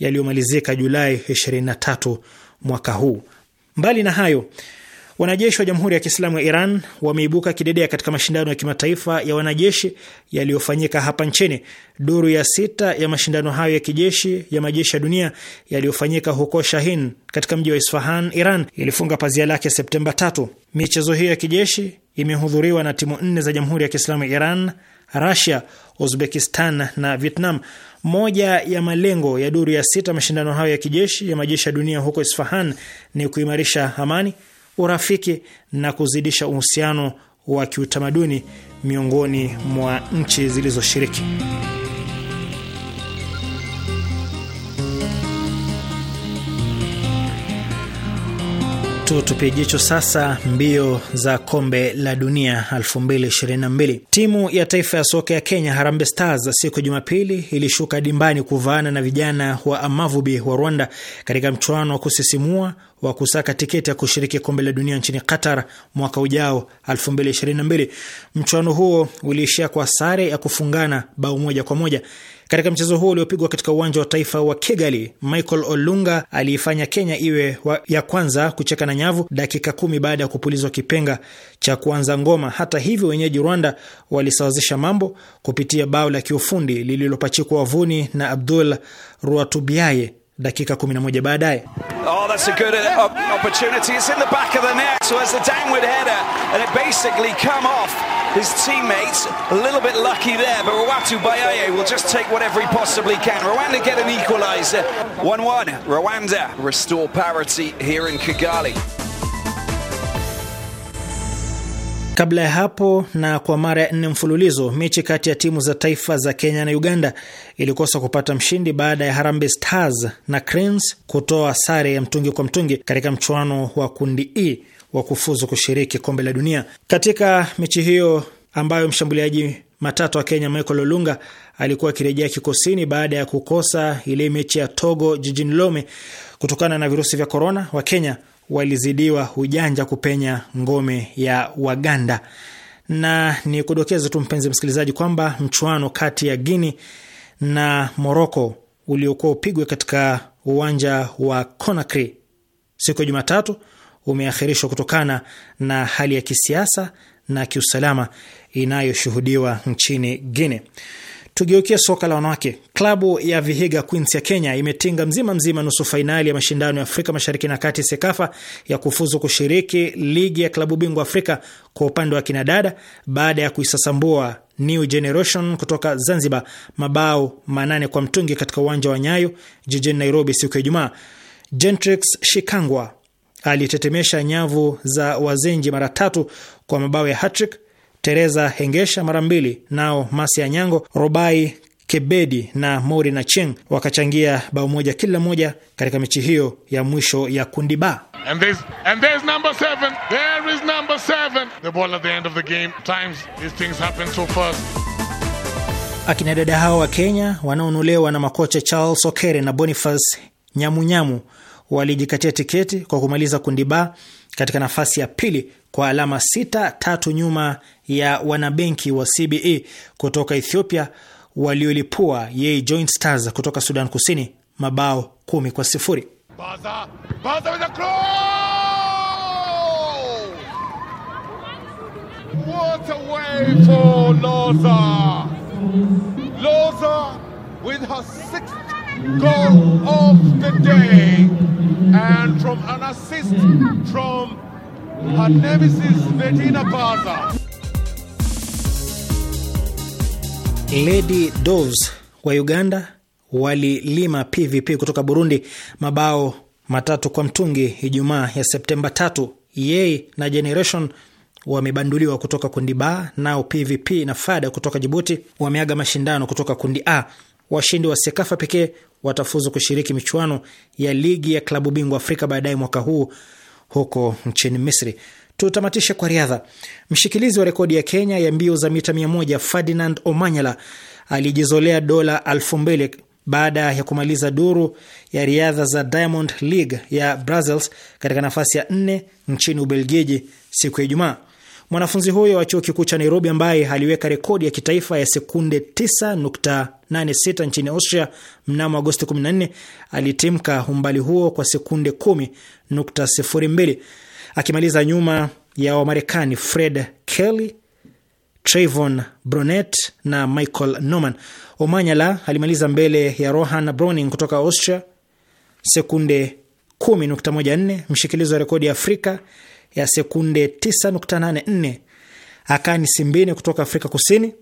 yaliyomalizika Julai 23 mwaka huu. Mbali na hayo, wanajeshi wa Jamhuri ya Kiislamu ya Iran wameibuka kidedea katika mashindano ya kimataifa ya wanajeshi yaliyofanyika hapa nchini. Duru ya sita ya mashindano hayo ya kijeshi ya majeshi ya dunia yaliyofanyika huko Shahin katika mji wa Isfahan, Iran ilifunga pazia lake Septemba 3. Michezo hiyo ya kijeshi imehudhuriwa na timu nne za Jamhuri ya Kiislamu ya Iran, rasia Uzbekistan na Vietnam. Moja ya malengo ya duru ya sita mashindano hayo ya kijeshi ya majeshi ya dunia huko Isfahan ni kuimarisha amani, urafiki na kuzidisha uhusiano wa kiutamaduni miongoni mwa nchi zilizoshiriki. zetu, tupie jicho sasa mbio za kombe la dunia 2022. Timu ya taifa ya soka ya Kenya, Harambee Stars, siku ya Jumapili ilishuka dimbani kuvaana na vijana wa Amavubi wa Rwanda katika mchuano wa kusisimua wa kusaka tiketi ya kushiriki kombe la dunia nchini Qatar mwaka ujao 2022. Mchuano huo uliishia kwa sare ya kufungana bao moja kwa moja. Katika mchezo huo uliopigwa katika uwanja wa taifa wa Kigali, Michael Olunga aliifanya Kenya iwe wa, ya kwanza kucheka na nyavu dakika kumi baada ya kupulizwa kipenga cha kuanza ngoma. Hata hivyo, wenyeji Rwanda walisawazisha mambo kupitia bao la kiufundi lililopachikwa wavuni na Abdul Ruatubiaye dakika 11 baadaye. Oh, that's a good uh, opportunity. It's in the back of the net. So downward header and it basically come off his teammates. A little bit lucky there, but Rwatu Bayaye will just take whatever he possibly can. Rwanda get an equaliser. 1-1. Rwanda restore parity here in Kigali. Kabla ya hapo na kwa mara ya nne mfululizo mechi kati ya timu za taifa za Kenya na Uganda ilikosa kupata mshindi baada ya Harambee Stars na Cranes kutoa sare ya mtungi kwa mtungi katika mchuano wa kundi E wa kufuzu kushiriki kombe la dunia. Katika mechi hiyo ambayo mshambuliaji matatu wa Kenya Michael Olunga alikuwa akirejea kikosini baada ya kukosa ile mechi ya Togo jijini Lome kutokana na virusi vya korona, wa Kenya walizidiwa ujanja kupenya ngome ya Waganda. Na ni kudokeza tu mpenzi msikilizaji, kwamba mchuano kati ya Guini na Moroko uliokuwa upigwe katika uwanja wa Conakry siku ya Jumatatu umeakhirishwa kutokana na hali ya kisiasa na kiusalama inayoshuhudiwa nchini Guine. Tugeukie soka la wanawake. Klabu ya Vihiga Queens ya Kenya imetinga mzima mzima nusu fainali ya mashindano ya Afrika Mashariki na Kati, SEKAFA, ya kufuzu kushiriki ligi ya klabu bingwa Afrika kwa upande wa kinadada baada ya kuisasambua New Generation kutoka Zanzibar mabao manane kwa mtungi katika uwanja wa Nyayo jijini Nairobi siku ya Ijumaa. Gentrix Shikangwa alitetemesha nyavu za Wazenji mara tatu kwa mabao ya hatrick, Teresa Hengesha mara mbili, nao Masi ya Nyango, Robai Kebedi na Mori na Cheng wakachangia bao moja kila moja katika mechi hiyo ya mwisho ya kundi ba. Akina dada hao wa Kenya wanaonolewa na makocha Charles Okere na Boniface Nyamunyamu walijikatia tiketi kwa kumaliza kundi ba katika nafasi ya pili kwa alama sita tatu nyuma ya wanabenki wa CBE kutoka Ethiopia waliolipua Yei Joint Stars kutoka Sudan Kusini mabao kumi kwa sifuri. Baza, Baza with What a way for Loza. Loza with her sixth goal of the day. And from an assist from her nemesis, Bettina Baza. Lady Doves wa Uganda walilima PVP kutoka Burundi mabao matatu kwa mtungi Ijumaa ya Septemba tatu. Yeye na Generation wamebanduliwa kutoka kundi B, nao PVP na Fada kutoka Jibuti wameaga mashindano kutoka kundi A. Washindi wa Sekafa pekee watafuzu kushiriki michuano ya ligi ya klabu bingwa Afrika baadaye mwaka huu huko nchini Misri. Tutamatishe kwa riadha. Mshikilizi wa rekodi ya Kenya ya mbio za mita 1 Ferdinand Omanyala alijizolea dola 20 baada ya kumaliza duru ya riadha za Diamond League ya Brussels katika nafasi ya nne nchini Ubelgiji siku ya Ijumaa. Mwanafunzi huyo wa chuo kikuu cha Nairobi ambaye aliweka rekodi ya kitaifa ya sekunde 9.86 nchini Austria mnamo Agosti 14 alitimka umbali huo kwa sekunde 10.02 akimaliza nyuma ya Wamarekani Fred Kelly, Trayvon Bronet na Michael Norman. Omanyala alimaliza mbele ya Rohan Browning kutoka Austria sekunde 10.14, mshikilizi wa rekodi ya Afrika ya sekunde 9.84 akani Simbine kutoka Afrika Kusini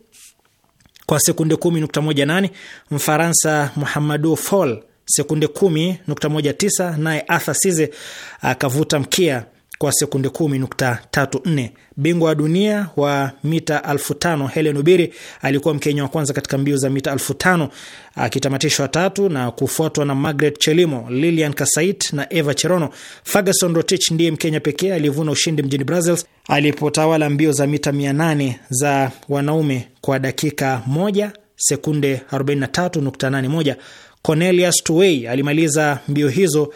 kwa sekunde 10.18. Mfaransa Muhamadu Fall sekunde 10.19, naye Arthur Size akavuta mkia kwa sekunde 10.34. Bingwa wa dunia wa mita 5000 Helen Obiri alikuwa Mkenya wa kwanza katika mbio za mita 5000 akitamatishwa tatu na kufuatwa na Margaret Chelimo, Lilian Kasait na Eva Cherono. Ferguson Rotich ndiye Mkenya pekee aliyevuna ushindi mjini Brussels alipotawala mbio za mita 800 za wanaume kwa dakika 1 sekunde 43.81. Cornelius Tuwei alimaliza mbio hizo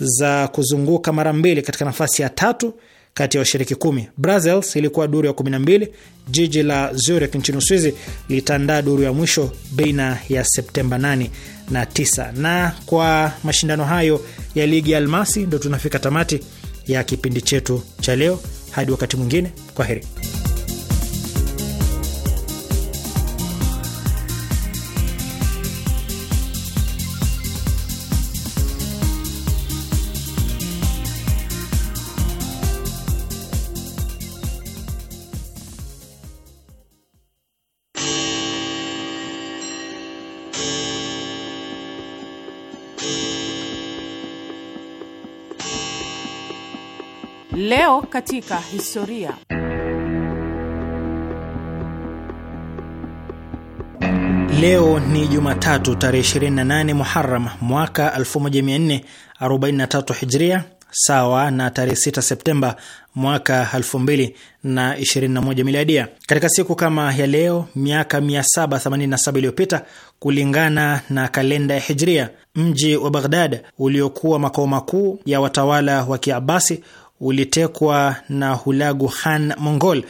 za kuzunguka mara mbili katika nafasi ya tatu kati ya washiriki kumi. Brussels ilikuwa duru ya 12. Jiji la Zurich nchini Uswizi litaandaa duru ya mwisho baina ya Septemba 8 na 9. Na kwa mashindano hayo ya ligi ya Almasi, ndo tunafika tamati ya kipindi chetu cha leo. Hadi wakati mwingine, kwa heri. Leo katika historia. Leo ni Jumatatu tarehe 28 muharam mwaka 1443 Hijria, sawa na tarehe 6 Septemba mwaka 2021 Miladia. Katika siku kama ya leo miaka 787 iliyopita kulingana na kalenda ya Hijria, mji wa Baghdad uliokuwa makao makuu ya watawala wa Kiabasi ulitekwa na Hulagu Khan Mongol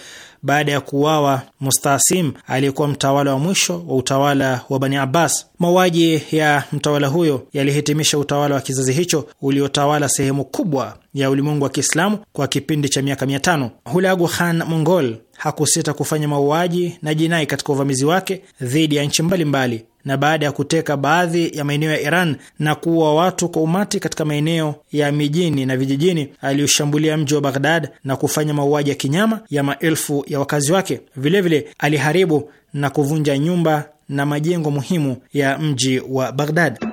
baada ya kuuawa Mustasim aliyekuwa mtawala wa mwisho wa utawala wa Bani Abbas. Mauaji ya mtawala huyo yalihitimisha utawala wa kizazi hicho uliotawala sehemu kubwa ya ulimwengu wa Kiislamu kwa kipindi cha miaka mia tano. Hulagu Khan Mongol hakusita kufanya mauaji na jinai katika uvamizi wake dhidi ya nchi mbalimbali na baada ya kuteka baadhi ya maeneo ya Iran na kuua watu kwa umati katika maeneo ya mijini na vijijini, aliushambulia mji wa Baghdad na kufanya mauaji ya kinyama ya maelfu ya wakazi wake. Vilevile vile, aliharibu na kuvunja nyumba na majengo muhimu ya mji wa Baghdad.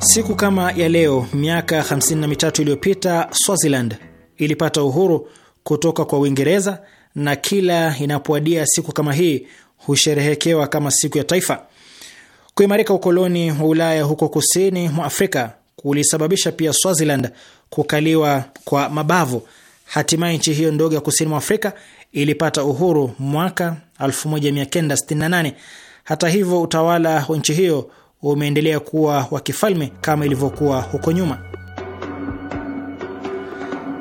Siku kama ya leo miaka 53 iliyopita Swaziland ilipata uhuru kutoka kwa Uingereza na kila inapoadia siku kama hii husherehekewa kama siku ya taifa. Kuimarika ukoloni wa Ulaya huko kusini mwa Afrika kulisababisha pia Swaziland kukaliwa kwa mabavu. Hatimaye nchi hiyo ndogo ya kusini mwa Afrika ilipata uhuru mwaka 1968. Hata hivyo, utawala wa nchi hiyo umeendelea kuwa wa kifalme kama ilivyokuwa huko nyuma.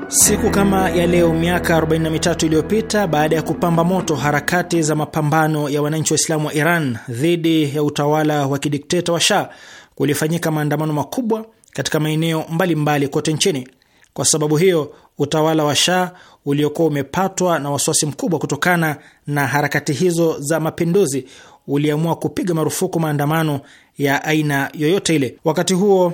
Siku kama ya leo miaka 43 iliyopita, baada ya kupamba moto harakati za mapambano ya wananchi wa islamu wa Iran dhidi ya utawala wa kidikteta wa Shah, kulifanyika maandamano makubwa katika maeneo mbalimbali kote nchini. Kwa sababu hiyo, utawala wa Shah uliokuwa umepatwa na wasiwasi mkubwa kutokana na harakati hizo za mapinduzi uliamua kupiga marufuku maandamano ya aina yoyote ile. Wakati huo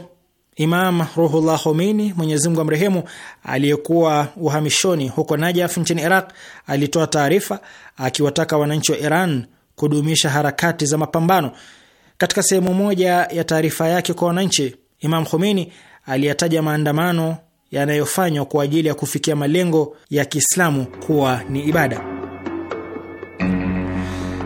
Imam Ruhullah Khomeini, Mwenyezi Mungu amrehemu, aliyekuwa uhamishoni huko Najaf nchini Iraq, alitoa taarifa akiwataka wananchi wa Iran kudumisha harakati za mapambano. Katika sehemu moja ya taarifa yake kwa wananchi, Imam Khomeini aliyataja maandamano yanayofanywa kwa ajili ya kufikia malengo ya Kiislamu kuwa ni ibada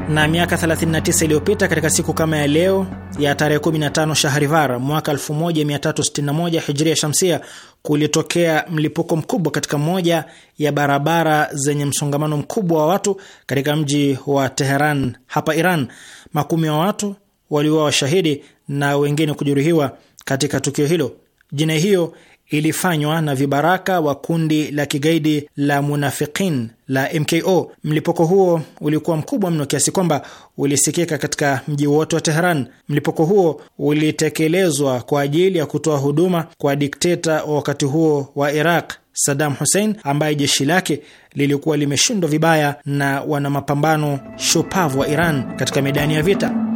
na miaka 39 iliyopita katika siku kama ya leo ya tarehe 15 Shahrivar mwaka 1361 Hijria Shamsia kulitokea mlipuko mkubwa katika moja ya barabara zenye msongamano mkubwa wa watu katika mji wa Teheran hapa Iran. Makumi wa watu waliuawa washahidi na wengine kujeruhiwa katika tukio hilo. Jinai hiyo ilifanywa na vibaraka wa kundi la kigaidi la Munafiqin la MKO. Mlipuko huo ulikuwa mkubwa mno kiasi kwamba ulisikika katika mji wote wa teheran Mlipuko huo ulitekelezwa kwa ajili ya kutoa huduma kwa dikteta wa wakati huo wa Iraq Saddam Hussein, ambaye jeshi lake lilikuwa limeshindwa vibaya na wanamapambano shupavu wa Iran katika medani ya vita.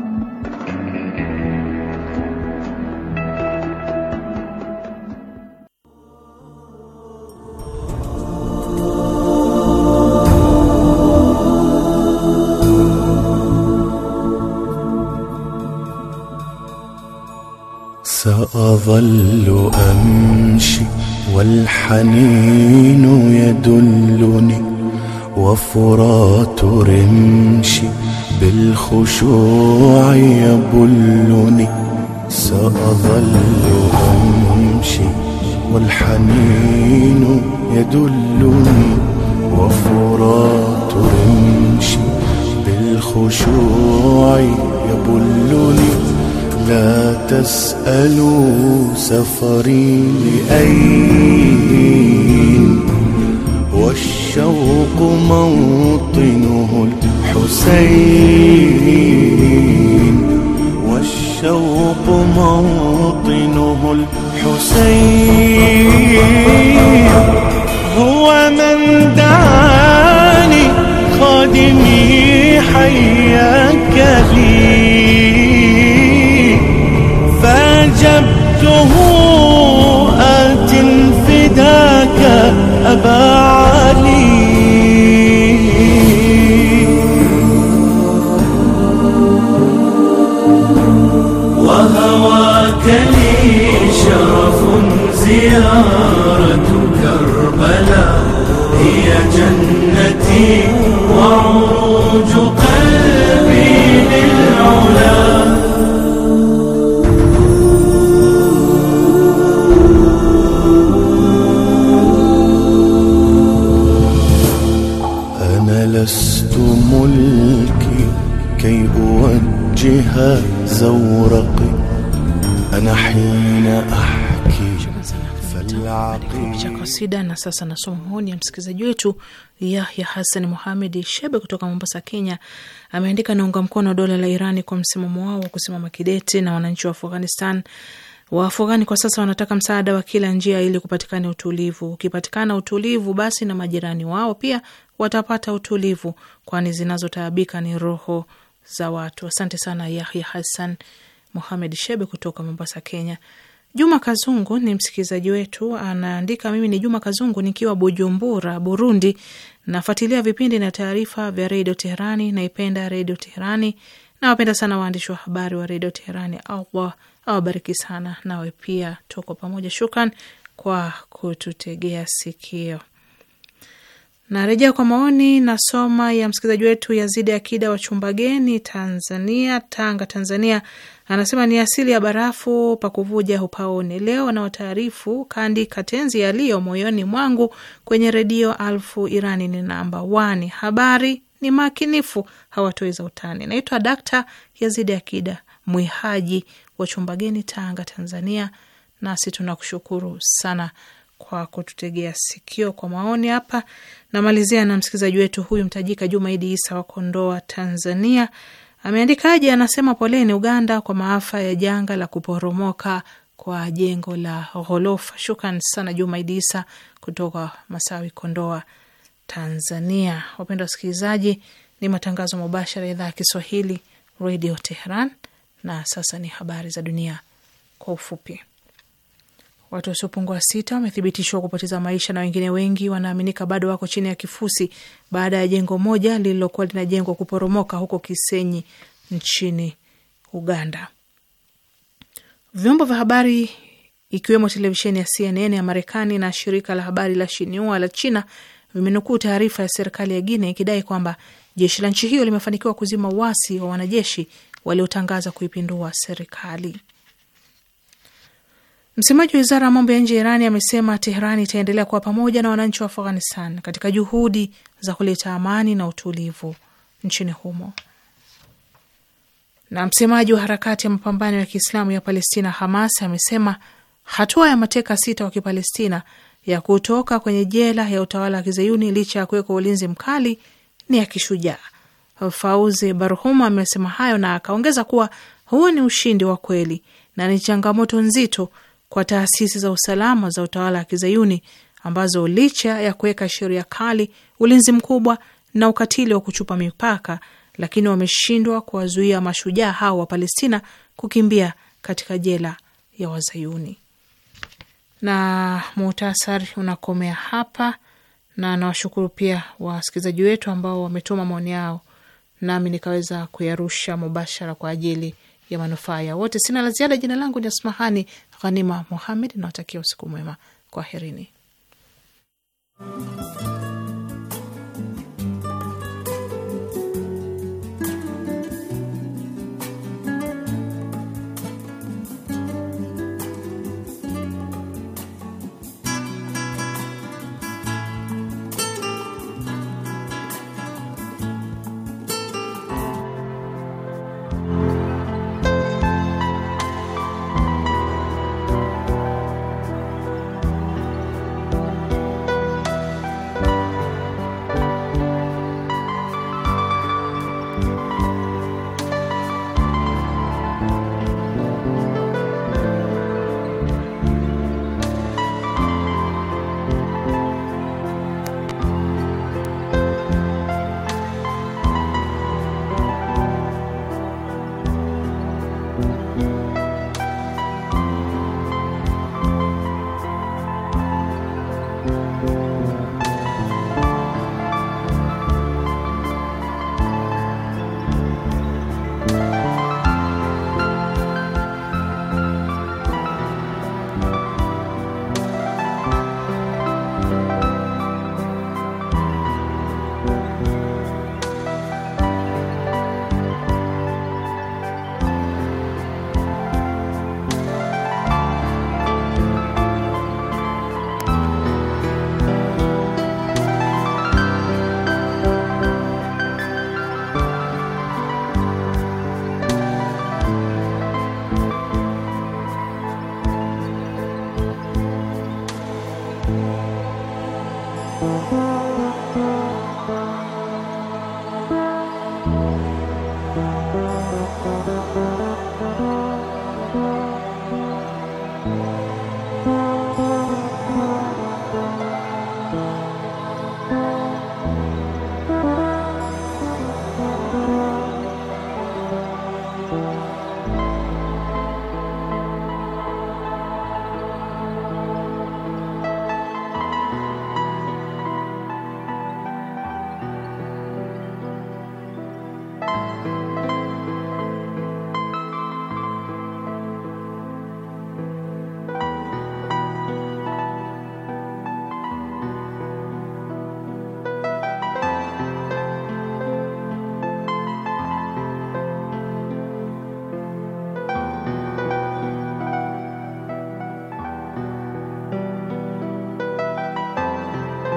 سأظل أمشي والحنين يدلني وفرات رمشي بالخشوع يبلني سأظل أمشي والحنين يدلني وفرات رمشي بالخشوع يبلني لا تسألوا سفري لأين والشوق موطنه الحسين والشوق موطنه الحسين هو من دعاني خادمي حياك لي آت فداك أبا علي وهواك لي شرف زيارة كربلاء هي جنتي وعروج kasida. Na sasa nasoma maoni ya msikilizaji wetu Yahya Hasan Muhamedi Shebe kutoka Mombasa, Kenya. Ameandika, naunga mkono dola la Irani kwa msimamo wao wa kusimama kidete na wananchi wa Afghanistan. Waafghani kwa sasa wanataka msaada wa kila njia ili kupatikana utulivu. Ukipatikana utulivu, basi na majirani wao pia watapata utulivu, kwani zinazotaabika ni roho za watu. Asante sana Yahya Hasan Muhamed Shebe kutoka Mombasa, Kenya. Juma Kazungu ni msikilizaji wetu, anaandika: mimi ni Juma Kazungu nikiwa Bujumbura, Burundi. Nafuatilia vipindi na taarifa vya Redio Teherani. Naipenda Redio Teherani. Nawapenda sana waandishi wa habari wa Redio Teherani. Allah awabariki sana. Nawe pia tuko pamoja. Shukran kwa kututegea sikio. Narejea kwa maoni nasoma ya msikilizaji wetu Yazidi Akida wa Chumbageni, Tanzania, Tanga, Tanzania. Anasema ni asili ya barafu, pakuvuja hupaoni. Leo na wataarifu kandi katenzi yaliyo moyoni mwangu kwenye redio alfu Irani ni namba wani. Habari ni makinifu, hawatoi za utani. Naitwa Dakta Yazidi Akida Mwihaji wa Chumbageni, Tanga, Tanzania. Nasi tunakushukuru sana kwa kututegea sikio kwa maoni hapa. Namalizia na msikilizaji wetu huyu mtajika Jumaidi Isa wa Kondoa, Tanzania. Ameandikaje? Anasema poleni Uganda kwa maafa ya janga la kuporomoka kwa jengo la ghorofa. Shukran sana Jumaidi Isa kutoka Masawi, Kondoa, Tanzania. Wapendwa wasikilizaji, ni matangazo mubashara ya idhaa ya Kiswahili, Redio Teheran. Na sasa ni habari za dunia kwa ufupi. Watu wasiopungua sita wamethibitishwa kupoteza maisha na wengine wengi wanaaminika bado wako chini ya kifusi baada ya jengo moja lililokuwa linajengwa kuporomoka huko Kisenyi nchini Uganda. Vyombo vya habari ikiwemo televisheni ya CNN ya Marekani na shirika la habari la Shinua la China vimenukuu taarifa ya serikali ya guine ikidai kwamba jeshi la nchi hiyo limefanikiwa kuzima uasi wa wanajeshi waliotangaza kuipindua serikali. Msemaji wa wizara ya mambo ya nje ya Irani amesema Tehran itaendelea kuwa pamoja na wananchi wa Afghanistan katika juhudi za kuleta amani na utulivu nchini humo. Na msemaji wa harakati ya mapambano ya Kiislamu ya Palestina Hamas amesema hatua ya mateka sita wa Kipalestina ya kutoka kwenye jela ya utawala wa Kizayuni licha ya kuwekwa ulinzi mkali ni ya kishujaa. Fauzi Barhum amesema hayo na akaongeza kuwa huo ni ushindi wa kweli na ni changamoto nzito kwa taasisi za usalama za utawala wa kizayuni ambazo licha ya kuweka sheria kali, ulinzi mkubwa na ukatili wa kuchupa mipaka, lakini wameshindwa kuwazuia mashujaa hao wa Palestina kukimbia katika jela ya Wazayuni. Na muhtasari unakomea hapa, na nawashukuru pia wasikilizaji wetu ambao wametuma maoni yao nami nikaweza kuyarusha mubashara kwa ajili ya manufaa ya wote. Sina la ziada. Jina langu ni Asmahani Ghanima Muhamed, nawatakia usiku mwema. Kwaherini.